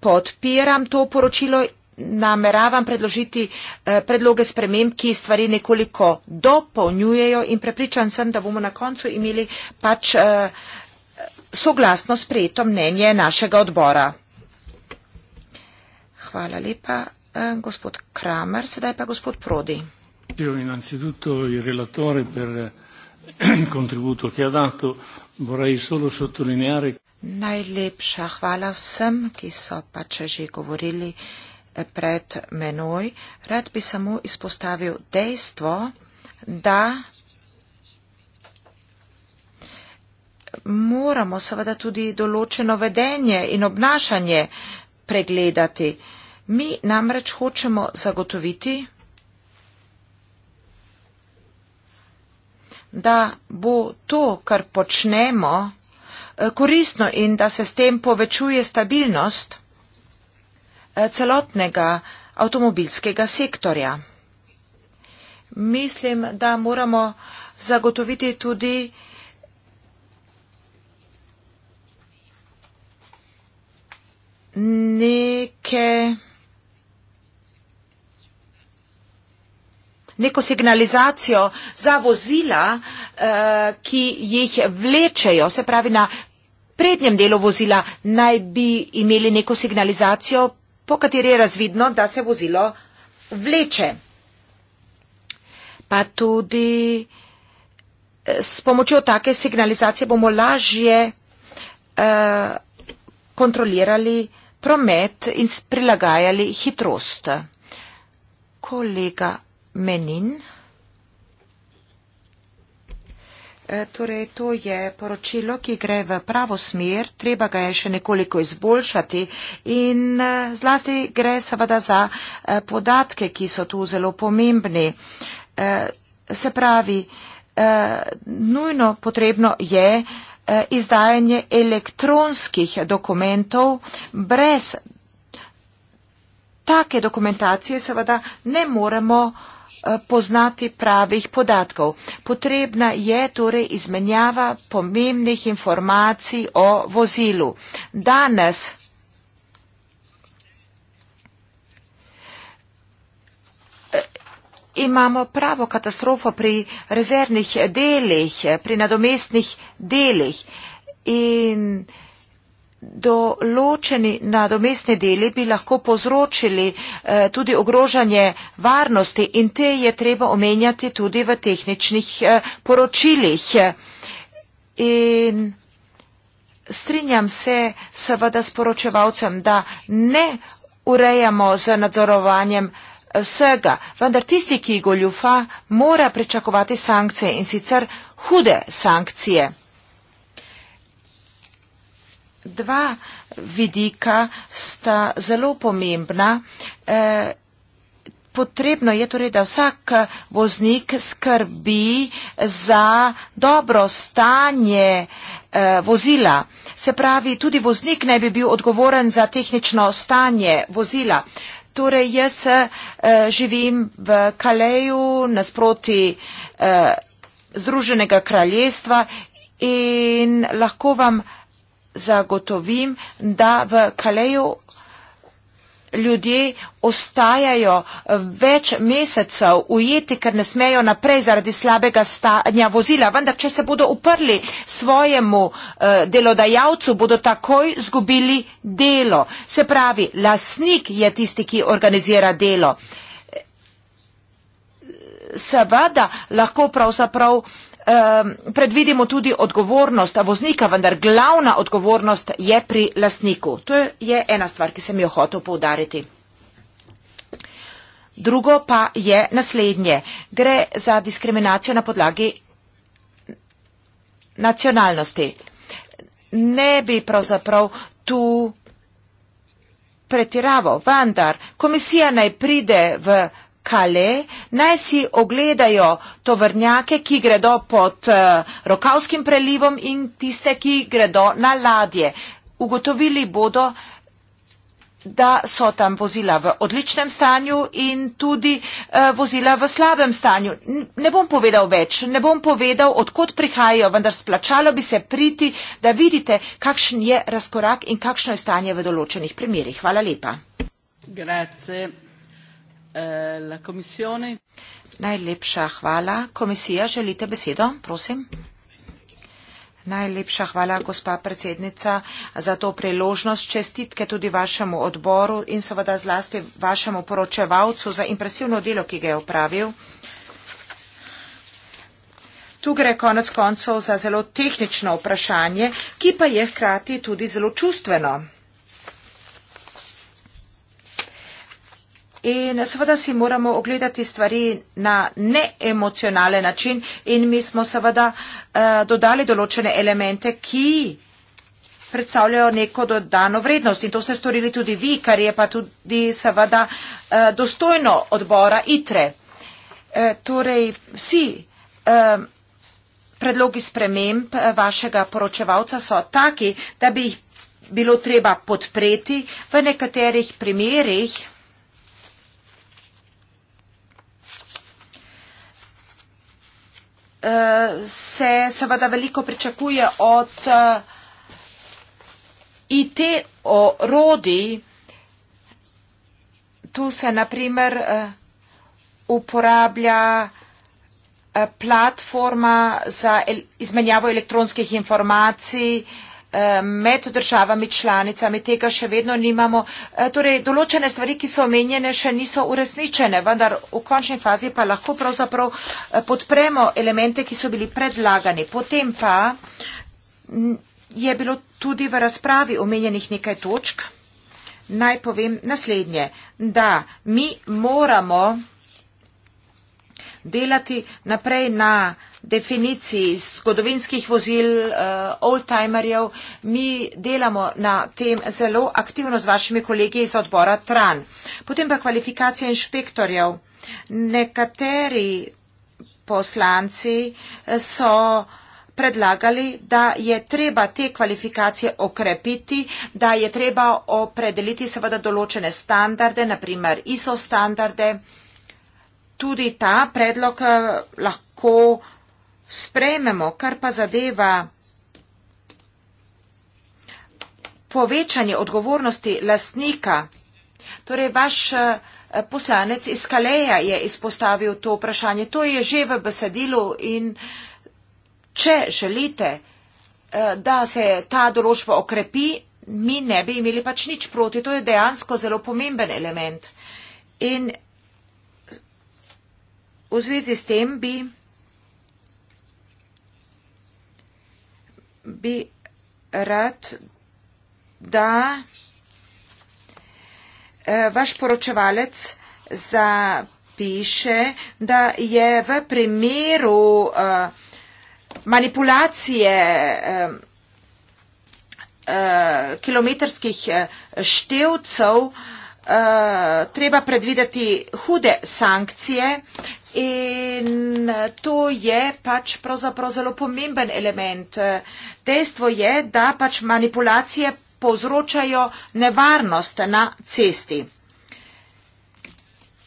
podpiram to poročilo nameravam predložiti eh, predloge sprememb, ki stvari nekoliko dopolnjujejo in prepričan sem, da bomo na koncu imeli pač eh, soglasno sprejeto mnenje našega odbora. Hvala lepa, eh, gospod Kramer, sedaj pa gospod Prodi. Io innanzitutto il relatore per il contributo che ha dato vorrei solo sottolineare Najlepša hvala vsem, ki so pa če že govorili eh, pred menoj, rad bi samo izpostavil dejstvo, da moramo seveda tudi določeno vedenje in obnašanje pregledati. Mi namreč hočemo zagotoviti, da bo to, kar počnemo, eh, koristno in da se s tem povečuje stabilnost celotnega avtomobilskega sektorja. Mislim, da moramo zagotoviti tudi neke, neko signalizacijo za vozila, eh, ki jih vlečejo, se pravi na prednjem delu vozila naj bi imeli neko signalizacijo, po kateri je razvidno, da se vozilo vleče. Pa tudi eh, s pomočjo take signalizacije bomo lažje uh, kontrolirali promet in prilagajali hitrost. Kolega Menin. E, torej to je poročilo, ki gre v pravo smer, treba ga je še nekoliko izboljšati in e, zlasti gre seveda za e, podatke, ki so tu zelo pomembni. Se pravi, nujno potrebno je izdajanje elektronskih dokumentov brez. Take dokumentacije seveda ne moremo. Eh, poznati pravih podatkov. Potrebna je torej izmenjava pomembnih informacij o vozilu. Danes eh, imamo pravo katastrofo pri rezervnih delih, pri nadomestnih delih in vsega, določeni nadomestni deli bi lahko povzročili eh, tudi ogrožanje varnosti in te je treba omenjati tudi v tehničnih eh, poročilih. In strinjam se seveda s poročevalcem, da ne urejamo z nadzorovanjem eh, vsega, vendar tisti, ki goljufa, mora pričakovati sankcije in sicer hude sankcije dva vidika sta zelo pomembna. E, potrebno je torej, da vsak voznik skrbi za dobro stanje e, vozila. Se pravi, tudi voznik naj bi bil odgovoren za tehnično stanje vozila. Torej, jaz e, živim v Kaleju nasproti e, Združenega kraljestva in lahko vam zagotovim, da v Kaleju ljudje ostajajo več mesecev ujeti, ker ne smejo naprej zaradi slabega stanja vozila. Vendar, če se bodo uprli svojemu eh, delodajalcu, bodo takoj zgubili delo. Se pravi, lasnik je tisti, ki organizira delo. Seveda lahko pravzaprav prav um, predvidimo tudi odgovornost voznika, vendar glavna odgovornost je pri lasniku. To je ena stvar, ki sem jo hotel poudariti. Drugo pa je naslednje. Gre za diskriminacijo na podlagi nacionalnosti. Ne bi pravzaprav tu pretiraval, vendar komisija naj pride v Kale naj si ogledajo tovrnjake, ki gredo pod uh, Rokavskim prelivom in tiste, ki gredo na ladje. Ugotovili bodo, da so tam vozila v odličnem stanju in tudi uh, vozila v slabem stanju. N ne bom povedal več, ne bom povedal, odkot prihajajo, vendar splačalo bi se priti, da vidite, kakšen je razkorak in kakšno je stanje v določenih primerjih. Hvala lepa. Grazie. Eh, la komisione. Najlepša hvala. Komisija, želite besedo? Prosim. Najlepša hvala, gospa predsednica, za to priložnost. Čestitke tudi vašemu odboru in seveda zlasti vašemu poročevalcu za impresivno delo, ki ga je upravil. Tu gre konec koncev za zelo tehnično vprašanje, ki pa je hkrati tudi zelo čustveno. In seveda si moramo ogledati stvari na neemocionalen način in mi smo seveda eh, dodali določene elemente, ki predstavljajo neko dodano vrednost. In to ste storili tudi vi, kar je pa tudi seveda eh, dostojno odbora ITRE. Eh, torej, vsi eh, predlogi sprememb eh, vašega poročevalca so taki, da bi jih bilo treba podpreti v nekaterih primerjih se seveda veliko pričakuje od eh, IT orodij. Tu se naprimer eh, uporablja eh, platforma za izmenjavo elektronskih informacij, med državami članicami, tega še vedno nimamo. E, torej, določene stvari, ki so omenjene, še niso uresničene, vendar v končni fazi pa lahko pravzaprav e, podpremo elemente, ki so bili predlagani. Potem pa je bilo tudi v razpravi omenjenih nekaj točk. Naj povem naslednje, da mi moramo delati naprej na definiciji zgodovinskih vozil, uh, oldtimerjev. Mi delamo na tem zelo aktivno z vašimi kolegi iz odbora TRAN. Potem pa kvalifikacija inšpektorjev. Nekateri poslanci eh, so predlagali, da je treba te kvalifikacije okrepiti, da je treba opredeliti seveda določene standarde, naprimer ISO standarde tudi ta predlog eh, lahko sprejmemo, kar pa zadeva povečanje odgovornosti lastnika. Torej, vaš eh, poslanec iz Kaleja je izpostavil to vprašanje. To je že v besedilu in če želite, eh, da se ta določba okrepi, mi ne bi imeli pač nič proti. To je dejansko zelo pomemben element. In V zvezi s tem bi bi rad, da eh, vaš poročevalec zapiše, da je v primeru eh, manipulacije eh, kilometrskih števcev treba predvideti hude sankcije, In eh, to je pač pravzaprav zelo pomemben element. Eh, dejstvo je, da pač manipulacije povzročajo nevarnost na cesti.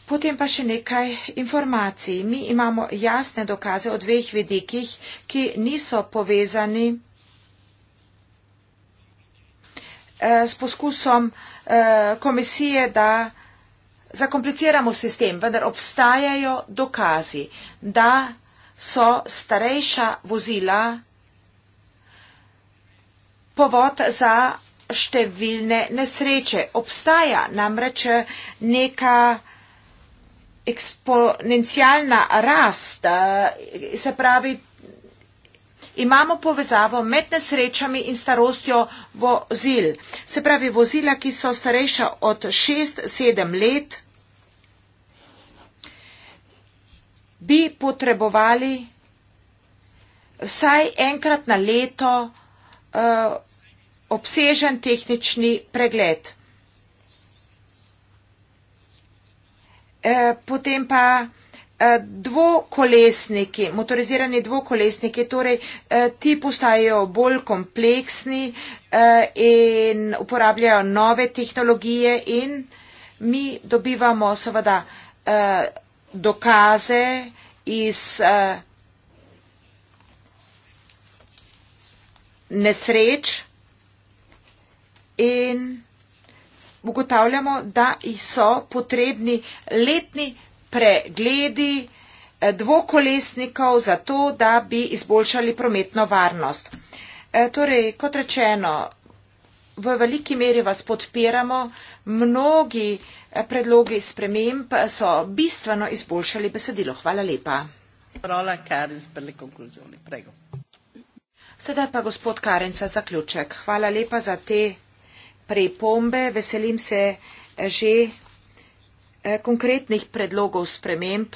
Potem pa še nekaj informacij. Mi imamo jasne dokaze o dveh vidikih, ki niso povezani eh, s poskusom komisije, da zakompliciramo sistem, vendar obstajajo dokazi, da so starejša vozila povod za številne nesreče. Obstaja namreč neka eksponencialna rast, eh, se pravi, imamo povezavo med nesrečami in starostjo vozil. Se pravi, vozila, ki so starejša od 6-7 let, bi potrebovali vsaj enkrat na leto uh, obsežen tehnični pregled. E, potem pa e, dvokolesniki, motorizirani dvokolesniki, torej e, ti postajajo bolj kompleksni e, in uporabljajo nove tehnologije in mi dobivamo seveda e, dokaze iz eh, nesreč in ugotavljamo, da so potrebni letni pregledi eh, dvokolesnikov za to, da bi izboljšali prometno varnost. Eh, torej, kot rečeno, v veliki meri vas podpiramo. Mnogi eh, predlogi sprememb eh, so bistveno izboljšali besedilo. Hvala lepa. Sedaj pa gospod Karenca za ključek. Hvala lepa za te pripombe. Veselim se eh, že konkretnih predlogov sprememb.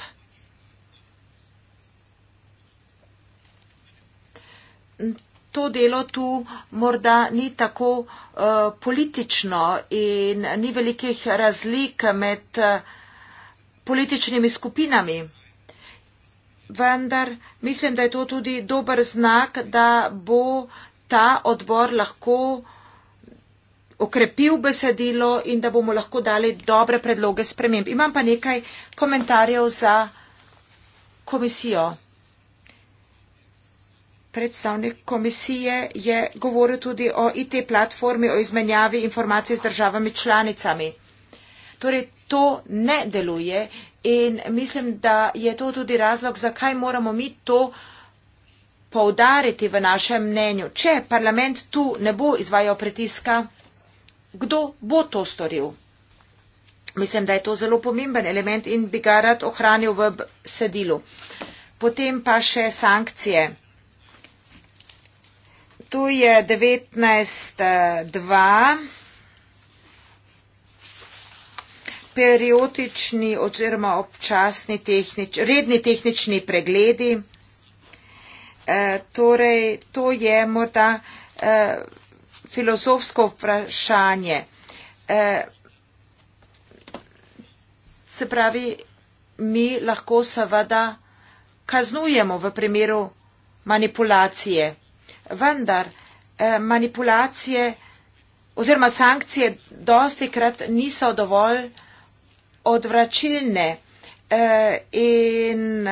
Thank you to delo tu morda ni tako uh, politično in ni velikih razlik med eh, političnimi skupinami. Vendar mislim, da je to tudi dober znak, da bo ta odbor lahko okrepil besedilo in da bomo lahko dali dobre predloge sprememb. Imam pa nekaj komentarjev za komisijo. Predstavnik komisije je govoril tudi o IT platformi, o izmenjavi informacij z državami članicami. Torej, to ne deluje in mislim, da je to tudi razlog, zakaj moramo mi to poudariti v našem mnenju. Če parlament tu ne bo izvajal pritiska, kdo bo to storil? Mislim, da je to zelo pomemben element in bi ga rad ohranil v sedilu. Potem pa še sankcije tu je 19.2. Eh, Periodični oziroma občasni tehnič, redni tehnični pregledi. E, torej, to je morda e, filozofsko vprašanje. E, se pravi, mi lahko seveda kaznujemo v primeru manipulacije vendar eh, manipulacije oziroma sankcije dosti krat niso dovolj odvračilne eh, in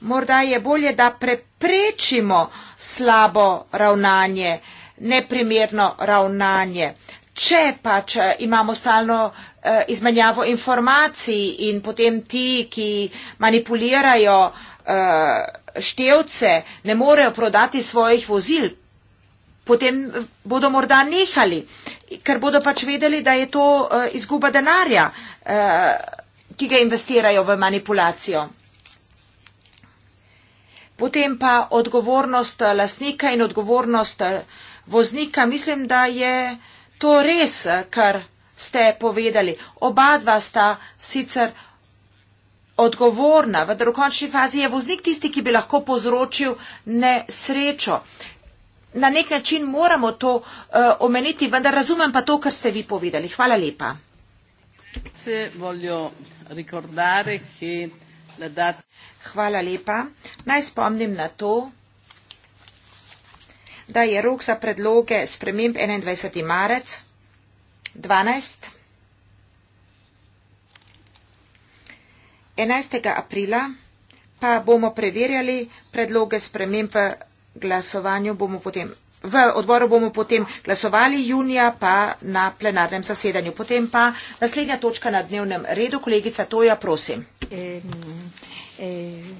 morda je bolje, da preprečimo slabo ravnanje, neprimerno ravnanje. Če pač eh, imamo stalno izmenjavo informacij in potem ti, ki manipulirajo števce, ne morejo prodati svojih vozil, potem bodo morda nehali, ker bodo pač vedeli, da je to e, izguba denarja, e, ki ga investirajo v manipulacijo. Potem pa odgovornost e, lasnika in odgovornost voznika. Mislim, da je to res, kar ste povedali. Oba dva sta sicer odgovorna, vendar v končni fazi je voznik tisti, ki bi lahko povzročil nesrečo. Na nek način moramo to uh, omeniti, vendar razumem pa to, kar ste vi povedali. Hvala lepa. Hvala lepa. Naj spomnim na to, da je rok za predloge sprememb 21. marec 2012. 11. aprila pa bomo preverjali predloge sprememb v glasovanju. Potem, v odboru bomo potem glasovali junija pa na plenarnem zasedanju. Potem pa naslednja točka na dnevnem redu. Kolegica Toja, prosim. Ehm, ehm,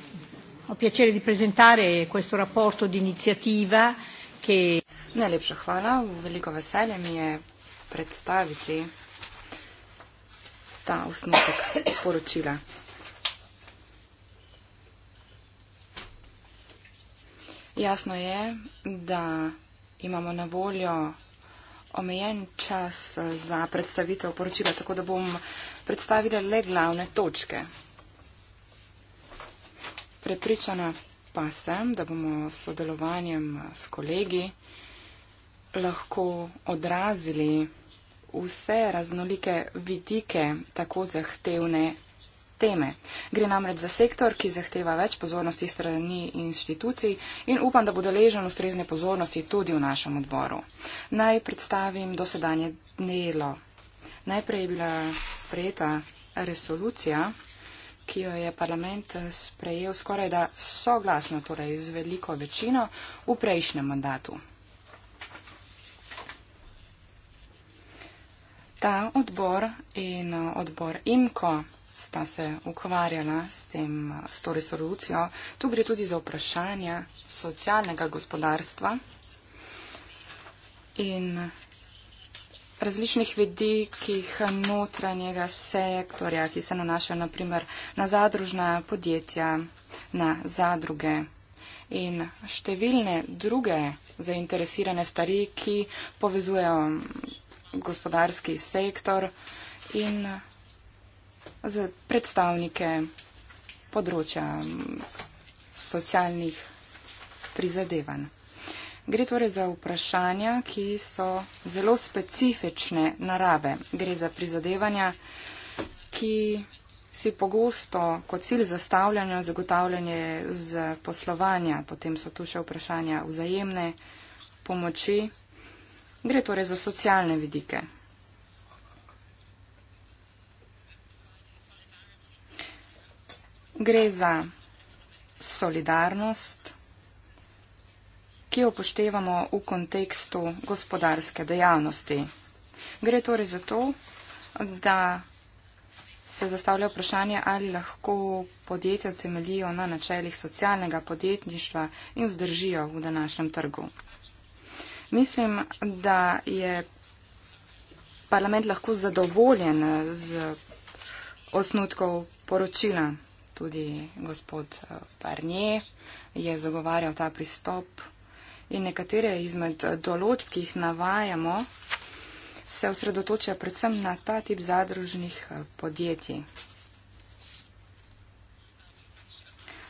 Najlepša hvala. Veliko veselje mi je predstaviti ta osnutek poročila. Jasno je, da imamo na voljo omejen čas za predstavitev poročila, tako da bom predstavila le glavne točke. Prepričana pa sem, da bomo s sodelovanjem s kolegi lahko odrazili vse raznolike vidike tako zahtevne teme. Gre namreč za sektor, ki zahteva več pozornosti strani inštitucij in upam, da bo deležen ustrezne pozornosti tudi v našem odboru. Naj predstavim dosedanje delo. Najprej je bila sprejeta resolucija, ki jo je parlament sprejel skoraj da soglasno, torej z veliko večino, v prejšnjem mandatu. Ta odbor in odbor IMKO sta se ukvarjala s, tem, s to resolucijo. Tu gre tudi za vprašanje socialnega gospodarstva in različnih vedikih notranjega sektorja, ki se nanašajo naprimer na zadružna podjetja, na zadruge in številne druge zainteresirane stvari, ki povezujejo gospodarski sektor in z predstavnike področja socialnih prizadevanj. Gre torej za vprašanja, ki so zelo specifične narave. Gre za prizadevanja, ki si pogosto kot cilj zastavljanja zagotavljanje z poslovanja. Potem so tu še vprašanja vzajemne pomoči. Gre torej za socialne vidike Gre za solidarnost, ki jo upoštevamo v kontekstu gospodarske dejavnosti. Gre torej za to, da se zastavlja vprašanje, ali lahko podjetja temeljijo na načeljih socialnega podjetništva in vzdržijo v današnjem trgu. Mislim, da je parlament lahko zadovoljen z osnutkov poročila tudi gospod eh, Barnier je zagovarjal ta pristop. In nekatere izmed določb, ki jih navajamo, se osredotočajo predvsem na ta tip zadružnih eh, podjetij.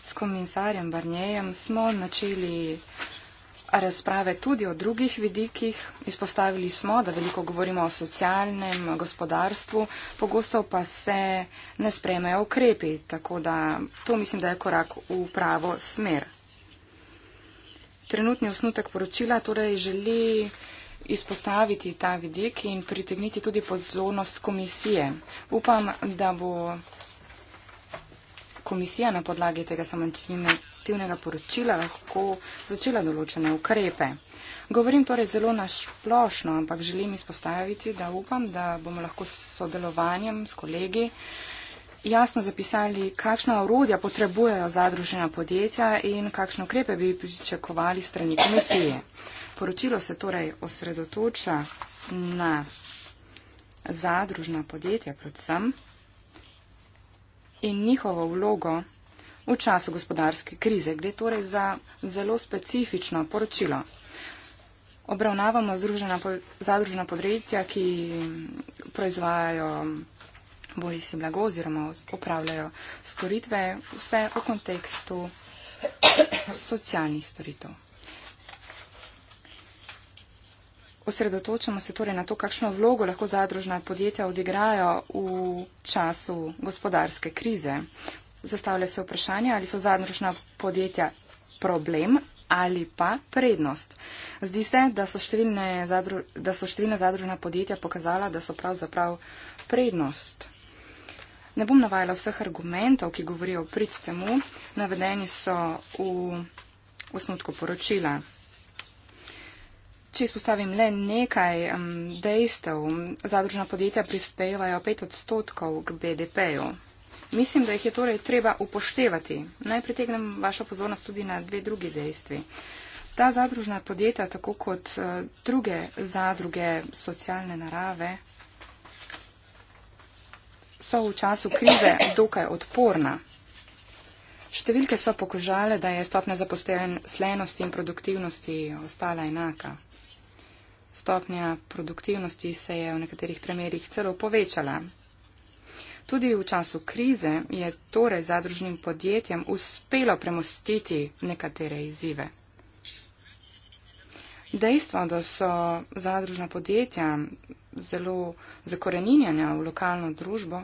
S komisarjem Barnierjem smo načeli razprave tudi o drugih vidikih. Izpostavili smo, da veliko govorimo o socialnem gospodarstvu, pogosto pa se ne spremejo ukrepi, tako da to mislim, da je korak v pravo smer. Trenutni osnutek poročila torej želi izpostaviti ta vidik in pritegniti tudi pozornost komisije. Upam, da bo komisija na podlagi tega samotnega aktivnega poročila lahko začela določene ukrepe. Govorim torej zelo našplošno, ampak želim izpostaviti, da upam, da bomo lahko s sodelovanjem s kolegi jasno zapisali, kakšna orodja potrebujejo zadružena podjetja in kakšne ukrepe bi pričakovali strani komisije. Poročilo se torej osredotoča na zadružna podjetja predvsem in njihovo vlogo v času gospodarske krize. Gre torej za zelo specifično poročilo. Obravnavamo združena, zadružena podrejtja, ki proizvajajo boji si blago oziroma upravljajo storitve, vse v kontekstu socialnih storitev. Osredotočamo se torej na to, kakšno vlogo lahko zadružna podjetja odigrajo v času gospodarske krize zastavlja se vprašanje, ali so zadnjeročna podjetja problem ali pa prednost. Zdi se, da so, zadru, da so številne zadružna podjetja pokazala, da so pravzaprav prednost. Ne bom navajala vseh argumentov, ki govorijo o prid temu, navedeni so v osnutku poročila. Če izpostavim le nekaj dejstev, zadružna podjetja prispevajo 5 odstotkov k BDP-ju. Mislim, da jih je torej treba upoštevati. Naj pritegnem vašo pozornost tudi na dve drugi dejstvi. Ta zadružna podjetja, tako kot eh, druge zadruge socialne narave, so v času krize dokaj odporna. Številke so pokožale, da je stopnja zaposlenosti in produktivnosti ostala enaka. Stopnja produktivnosti se je v nekaterih primerjih celo povečala. Tudi v času krize je torej zadružnim podjetjem uspelo premostiti nekatere izzive. Dejstvo, da so zadružna podjetja zelo zakoreninjena v lokalno družbo,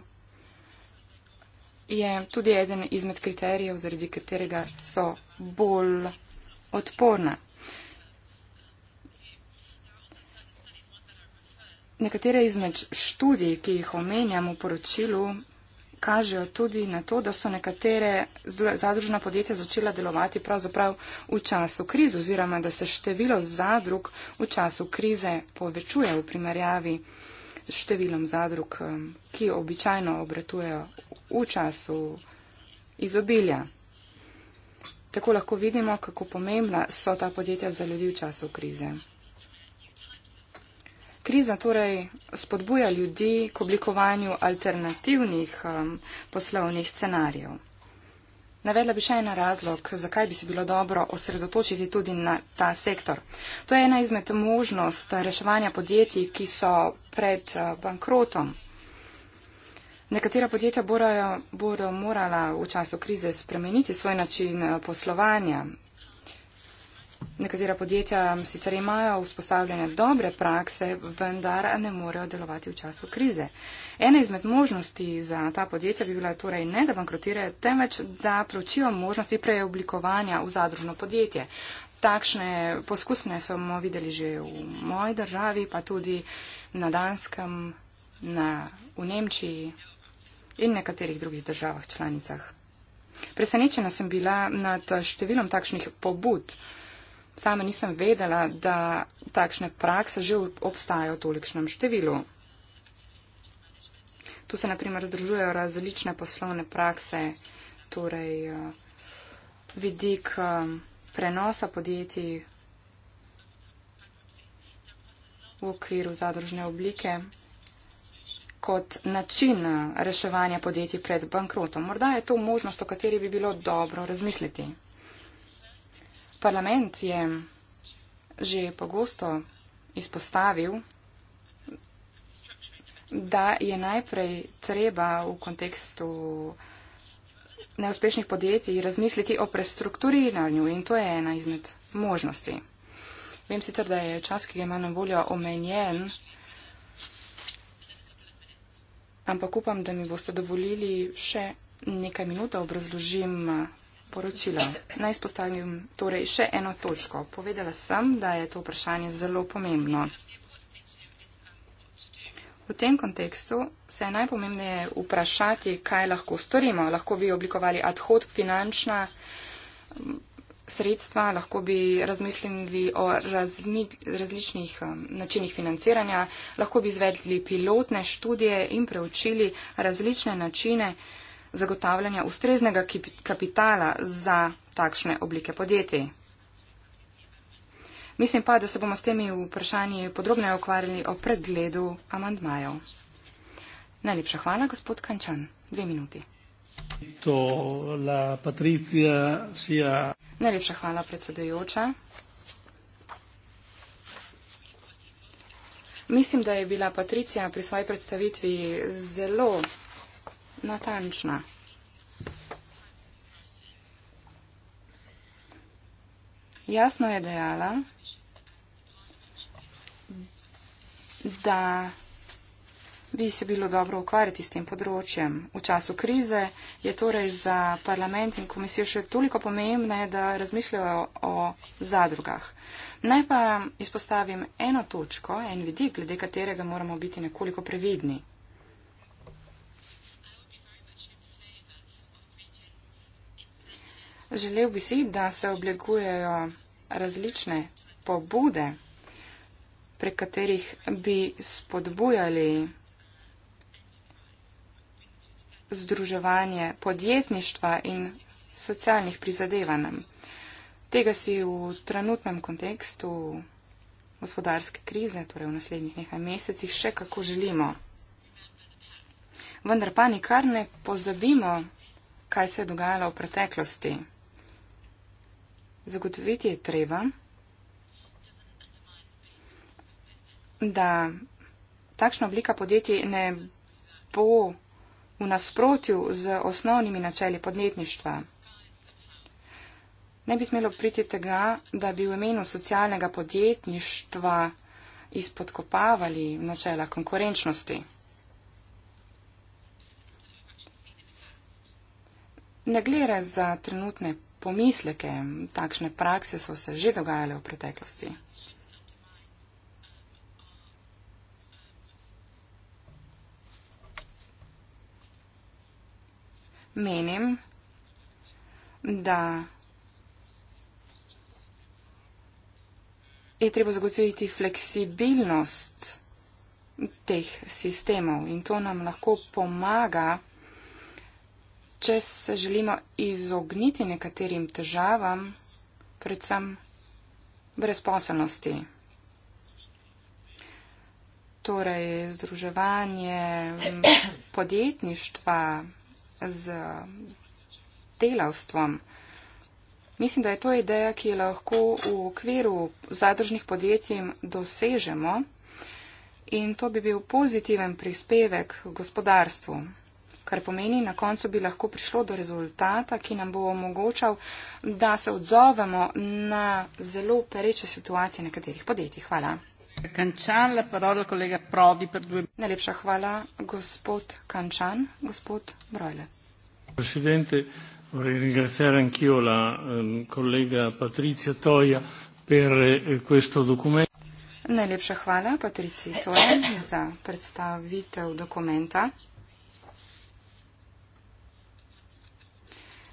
je tudi eden izmed kriterijev, zaradi katerega so bolj odporna. Uh, Nekatere izmed študij, ki jih omenjam v poročilu, kažejo tudi na to, da so nekatere zadružna podjetja začela delovati pravzaprav v času krize oziroma da se število zadrug v času krize povečuje v primerjavi s številom zadrug, um, ki običajno obratujejo v času izobilja. Tako lahko vidimo, kako pomembna so ta podjetja za ljudi v času krize. Kriza torej spodbuja ljudi k oblikovanju alternativnih um, poslovnih scenarijev. Navedla bi še en razlog, zakaj bi se bilo dobro osredotočiti tudi na ta sektor. To je ena izmed možnost reševanja podjetij, ki so pred uh, bankrotom. Nekatera podjetja bodo, bodo morala v času krize spremeniti svoj način uh, poslovanja, Nekatera podjetja sicer imajo vzpostavljene dobre prakse, vendar ne morejo delovati v času krize. Ena izmed možnosti za ta podjetja bi bila torej ne, da bankrotirajo, temveč da pravčijo možnosti preoblikovanja v zadružno podjetje. Takšne poskusne smo videli že v moji državi, pa tudi na Danskem, na, v Nemčiji in nekaterih drugih državah članicah. Presenečena sem bila nad številom takšnih pobud sama nisem vedela, da takšne prakse že obstajajo v tolikšnem številu. Tu se naprimer združujejo različne poslovne prakse, torej eh, vidik eh, prenosa podjetij v okviru zadružne oblike kot način eh, reševanja podjetij pred bankrotom. Morda je to možnost, o kateri bi bilo dobro razmisliti. Parlament je že pogosto izpostavil, da je najprej treba v kontekstu neuspešnih podjetij razmisliti o prestrukturiranju in to je ena izmed možnosti. Vem sicer, da je čas, ki ga ima na voljo, omenjen, ampak upam, da mi boste dovolili še nekaj minut, da obrazložim poročilo. Naj spostavim torej še eno točko. Povedala sem, da je to vprašanje zelo pomembno. V tem kontekstu se je najpomembneje vprašati, kaj lahko storimo. Lahko bi oblikovali ad hoc finančna sredstva, lahko bi razmislili o razmi, različnih načinih financiranja, lahko bi izvedli pilotne študije in preučili različne načine zagotavljanja ustreznega kapitala za takšne oblike podjetij. Mislim pa, da se bomo s temi vprašanji podrobneje ukvarjali o pregledu amandmajev. Najlepša hvala, gospod Kančan. Dve minuti. To, la Patricia, sia... Najlepša hvala, predsedujoča. Mislim, da je bila Patricija pri svoji predstavitvi zelo natančna. Jasno je dejala, da bi se bilo dobro ukvarjati s tem področjem. V času krize je torej za parlament in komisijo še toliko pomembne, da razmišljajo o zadrugah. Naj pa izpostavim eno točko, en vidik, glede katerega moramo biti nekoliko previdni. Želel bi si, da se oblikujejo različne pobude, pre katerih bi spodbujali združevanje podjetništva in socialnih prizadevanj. Tega si v trenutnem kontekstu gospodarske krize, torej v naslednjih nekaj mesecih, še kako želimo. Vendar pa nikar ne pozabimo, kaj se je dogajalo v preteklosti. Zagotoviti je treba, da takšna oblika podjetij ne bo v nasprotju z osnovnimi načeli podjetništva. Ne bi smelo priti tega, da bi v imenu socialnega podjetništva izpodkopavali načela konkurenčnosti. Ne glede za trenutne pomisleke, takšne prakse so se že dogajale v preteklosti. Menim, da je treba zagotoviti fleksibilnost teh sistemov in to nam lahko pomaga če se želimo izogniti nekaterim težavam, predvsem brezposelnosti. Torej, združevanje podjetništva z delavstvom. Mislim, da je to ideja, ki jo lahko v okviru zadržnih podjetij dosežemo in to bi bil pozitiven prispevek gospodarstvu kar pomeni, na koncu bi lahko prišlo do rezultata, ki nam bo omogočal, da se odzovemo na zelo pereče situacije nekaterih podjetij. Hvala. Kančan, parola, kolega Prodi, Najlepša hvala, gospod Kančan, gospod Brojle. Presidente, vorrei ringraziare anch'io la um, collega Patrizia Toia per eh, questo documento. Najlepša hvala Patriciji Toia za predstavitev dokumenta.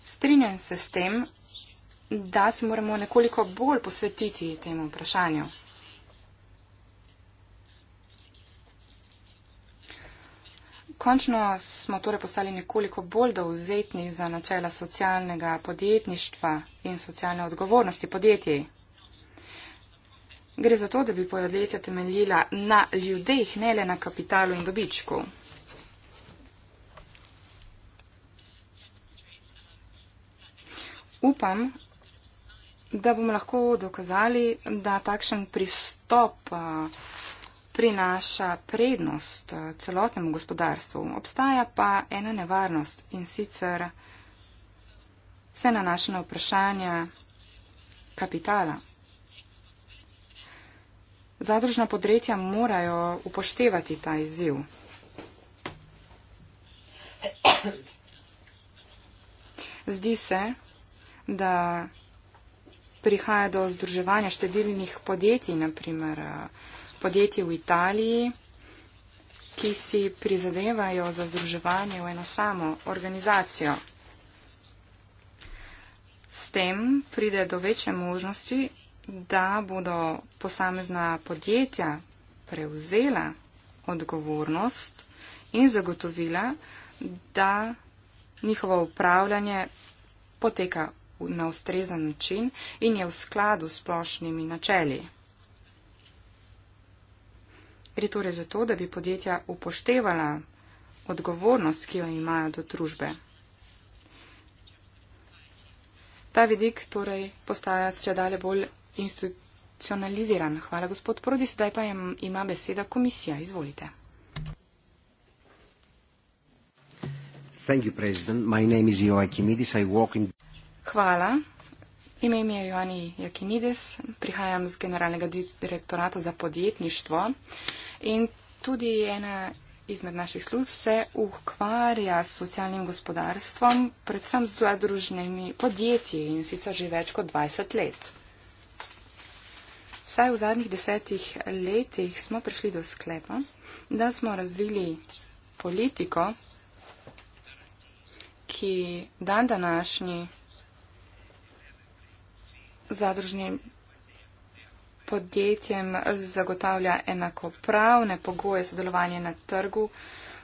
Strinjam se s tem, da se moramo nekoliko bolj posvetiti temu vprašanju. Končno smo torej postali nekoliko bolj dovzetni za načela socialnega podjetništva in socialne odgovornosti podjetij. Gre za to, da bi podjetja temeljila na ljudeh, ne le na kapitalu in dobičku. upam, da bomo lahko dokazali, da takšen pristop prinaša prednost celotnemu gospodarstvu. Obstaja pa ena nevarnost in sicer se nanaša na vprašanja kapitala. Zadružna podretja morajo upoštevati ta izziv. Zdi se, da prihaja do združevanja številnih podjetij, naprimer eh, podjetij v Italiji, ki si prizadevajo za združevanje v eno samo organizacijo. S tem pride do večje možnosti, da bodo posamezna podjetja prevzela odgovornost in zagotovila, da njihovo upravljanje poteka na ustrezen način in je v skladu s splošnimi načeli. Gre torej za to, da bi podjetja upoštevala odgovornost, ki jo imajo do družbe. Ta vidik torej postaja še dalje bolj institucionaliziran. Hvala, gospod Prodi. Sedaj pa ima beseda komisija. Izvolite. You, in... Hvala. Ime mi je Joani Jakinides, prihajam z Generalnega direktorata za podjetništvo in tudi ena izmed naših služb se ukvarja s socialnim gospodarstvom, predvsem z združnimi podjetji in sicer že več kot 20 let. Vsaj v zadnjih desetih letih smo prišli do sklepa, da smo razvili politiko, ki dan današnji zadružnim podjetjem zagotavlja enakopravne pogoje sodelovanja na trgu,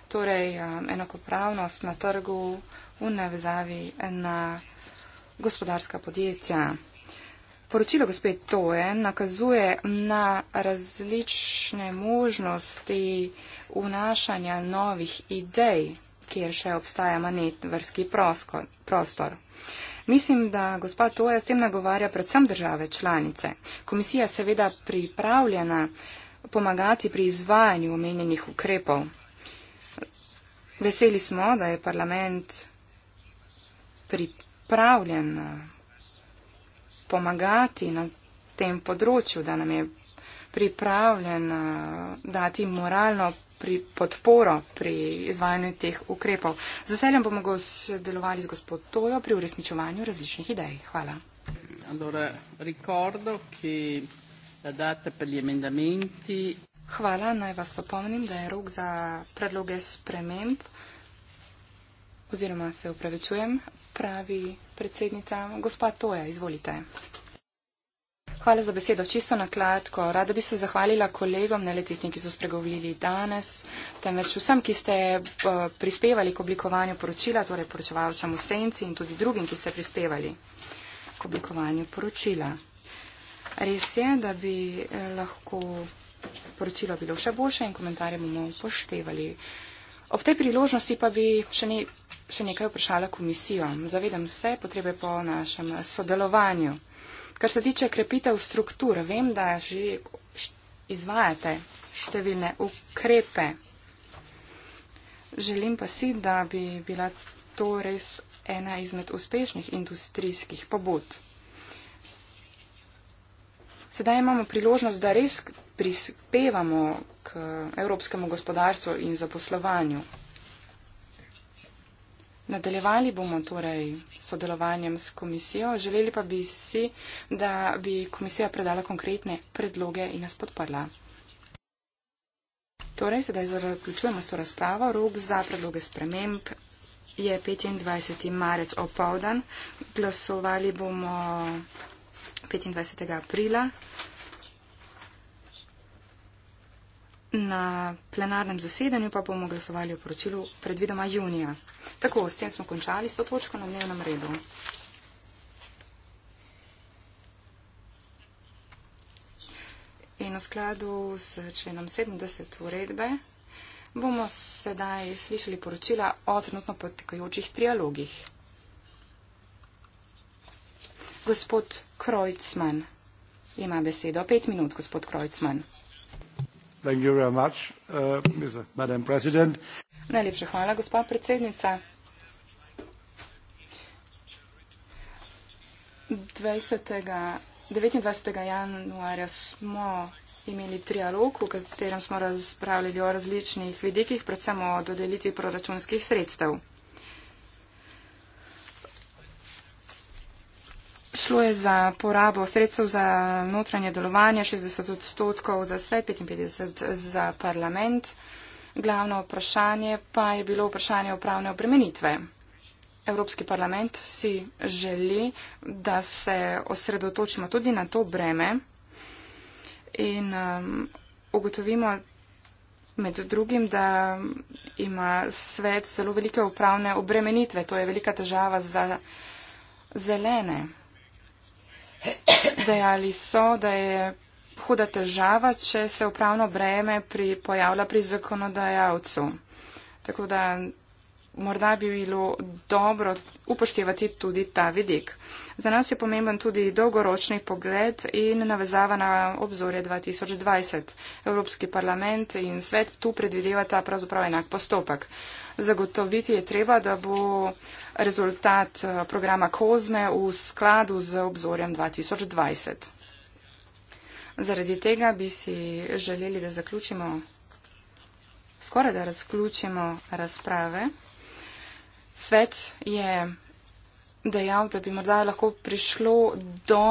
torej um, enakopravnost na trgu v navezavi na gospodarska podjetja. Poročilo gospe Toje nakazuje na različne možnosti vnašanja novih idej, kjer še obstaja manetvrski prostor. Mislim, da gospa Toja s tem nagovarja predvsem države članice. Komisija je seveda pripravljena pomagati pri izvajanju omenjenih ukrepov. Veseli smo, da je parlament pripravljen eh, pomagati na tem področju, da nam je pripravljen eh, dati moralno pri podporo pri izvajanju teh ukrepov. Z veseljem bomo go sodelovali z gospod Tojo pri uresničevanju različnih idej. Hvala. Allora, ricordo, Hvala, naj vas opomnim, da je rok za predloge sprememb oziroma se upravičujem, pravi predsednica. Gospa Toja, izvolite. Hvala za besedo. Čisto na kratko. Rada bi se zahvalila kolegom, ne le tistim, ki so spregovorili danes, temveč vsem, ki ste eh, prispevali k oblikovanju poročila, torej poročevalcem v senci in tudi drugim, ki ste prispevali k oblikovanju poročila. Res je, da bi eh, lahko poročilo bilo še boljše in komentarje bomo upoštevali. Ob tej priložnosti pa bi še, ne, še nekaj vprašala komisijo. Zavedam se potrebe po našem sodelovanju. Kar se tiče krepitev struktur, vem, da že izvajate številne ukrepe. Želim pa si, da bi bila to res ena izmed uspešnih industrijskih pobud. Sedaj imamo priložnost, da res prispevamo k evropskemu gospodarstvu in zaposlovanju. Nadaljevali bomo torej sodelovanjem s komisijo, želeli pa bi si, da bi komisija predala konkretne predloge in nas podprla. Torej, sedaj zaključujemo s to razpravo. Rok za predloge sprememb je 25. marec opovdan. Glasovali bomo 25. aprila. Na plenarnem zasedanju pa bomo glasovali o poročilu predvidoma junija. Tako, s tem smo končali s to točko na dnevnem redu. In v skladu s členom 70 uredbe bomo sedaj slišali poročila o trenutno potekajočih trialogih. Gospod Krojcman ima besedo. Pet minut, gospod Krojcman. Uh, Najlepša hvala, gospa predsednica. 20. 29. januarja smo imeli trialog, v katerem smo razpravljali o različnih vidikih, predvsem o dodelitvi proračunskih sredstev. Šlo je za porabo sredstev za notranje delovanje, 60 odstotkov za svet, 55 za parlament. Glavno vprašanje pa je bilo vprašanje upravne obremenitve. Evropski parlament si želi, da se osredotočimo tudi na to breme in um, ugotovimo med drugim, da ima svet zelo velike upravne obremenitve. To je velika težava za zelene. Dejali so, da je huda težava, če se upravno breme pri, pojavlja pri zakonodajalcu. Tako da morda bi bilo dobro upoštevati tudi ta vidik. Za nas je pomemben tudi dolgoročni pogled in navezava na obzorje 2020. Evropski parlament in svet tu predvidevata pravzaprav enak postopek. Zagotoviti je treba, da bo rezultat eh, programa Kozme v skladu z obzorjem 2020. Zaradi tega bi si želeli, da zaključimo, skoraj da razključimo razprave. Svet je dejal, da bi morda lahko prišlo do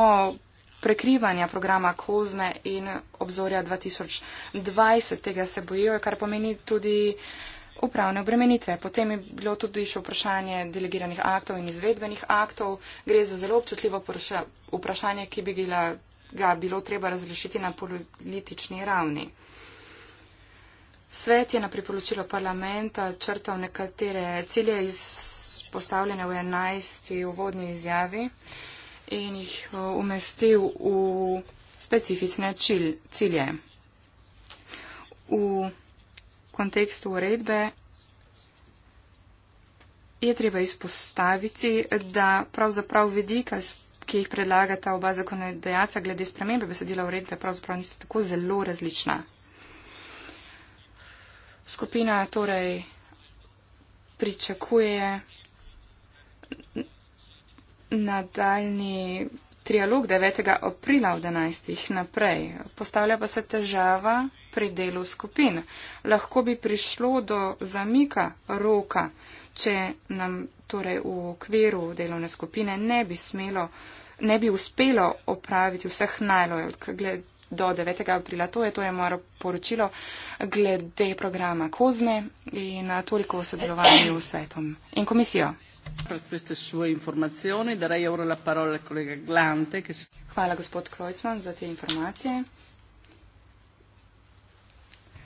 prekrivanja programa Kozme in obzorja 2020. Tega se bojijo, kar pomeni tudi upravne obremenitve. Potem je bilo tudi še vprašanje delegiranih aktov in izvedbenih aktov. Gre za zelo občutljivo vprašanje, ki bi ga bilo treba razrešiti na politični ravni. Svet je na priporočilo parlamenta črtal nekatere cilje izpostavljene v 11. uvodni izjavi in jih eh, umestil v specifične cilje. V kontekstu uredbe je treba izpostaviti, da pravzaprav vidika, ki jih predlagata oba zakonodajaca glede spremembe besedila uredbe, pravzaprav nista tako zelo različna skupina torej pričakuje nadaljni trialog 9. aprila v 11. naprej. Postavlja pa se težava pri delu skupin. Lahko bi prišlo do zamika roka, če nam torej v okviru delovne skupine ne bi smelo, ne bi uspelo opraviti vseh najlojev, do 9. aprila. To je, to torej je moje poročilo glede programa Kozme in eh, toliko o sodelovanju s svetom in komisijo. Hvala, gospod Krojcman, za te informacije.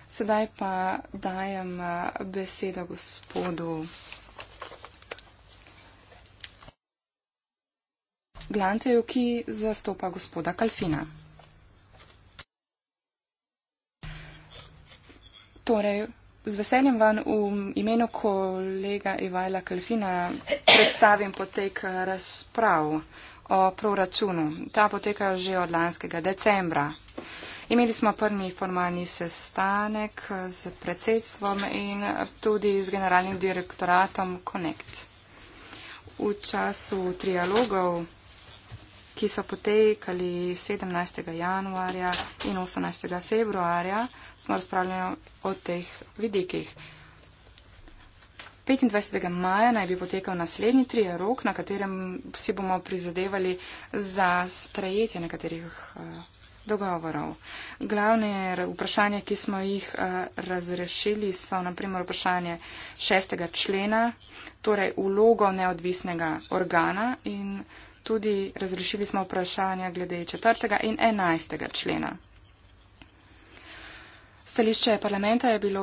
Sedaj pa dajem eh, besedo gospodu Glanteju, ki zastopa gospoda Kalfina. Torej, z veseljem vam v imenu kolega Ivajla Kalfina predstavim potek razprav o proračunu. Ta poteka že od lanskega decembra. Imeli smo prvi formalni sestanek z predsedstvom in tudi z generalnim direktoratom Connect. V času trialogov ki so potekali 17. januarja in 18. februarja, smo razpravljali o teh vidikih. 25. maja naj bi potekal naslednji tri rok, na katerem si bomo prizadevali za sprejetje nekaterih eh, dogovorov. Glavne vprašanje, ki smo jih eh, razrešili, so naprimer vprašanje šestega člena, torej ulogo neodvisnega organa in tudi razrešili smo vprašanja glede 4. in 11. člena. Stališče parlamenta je bilo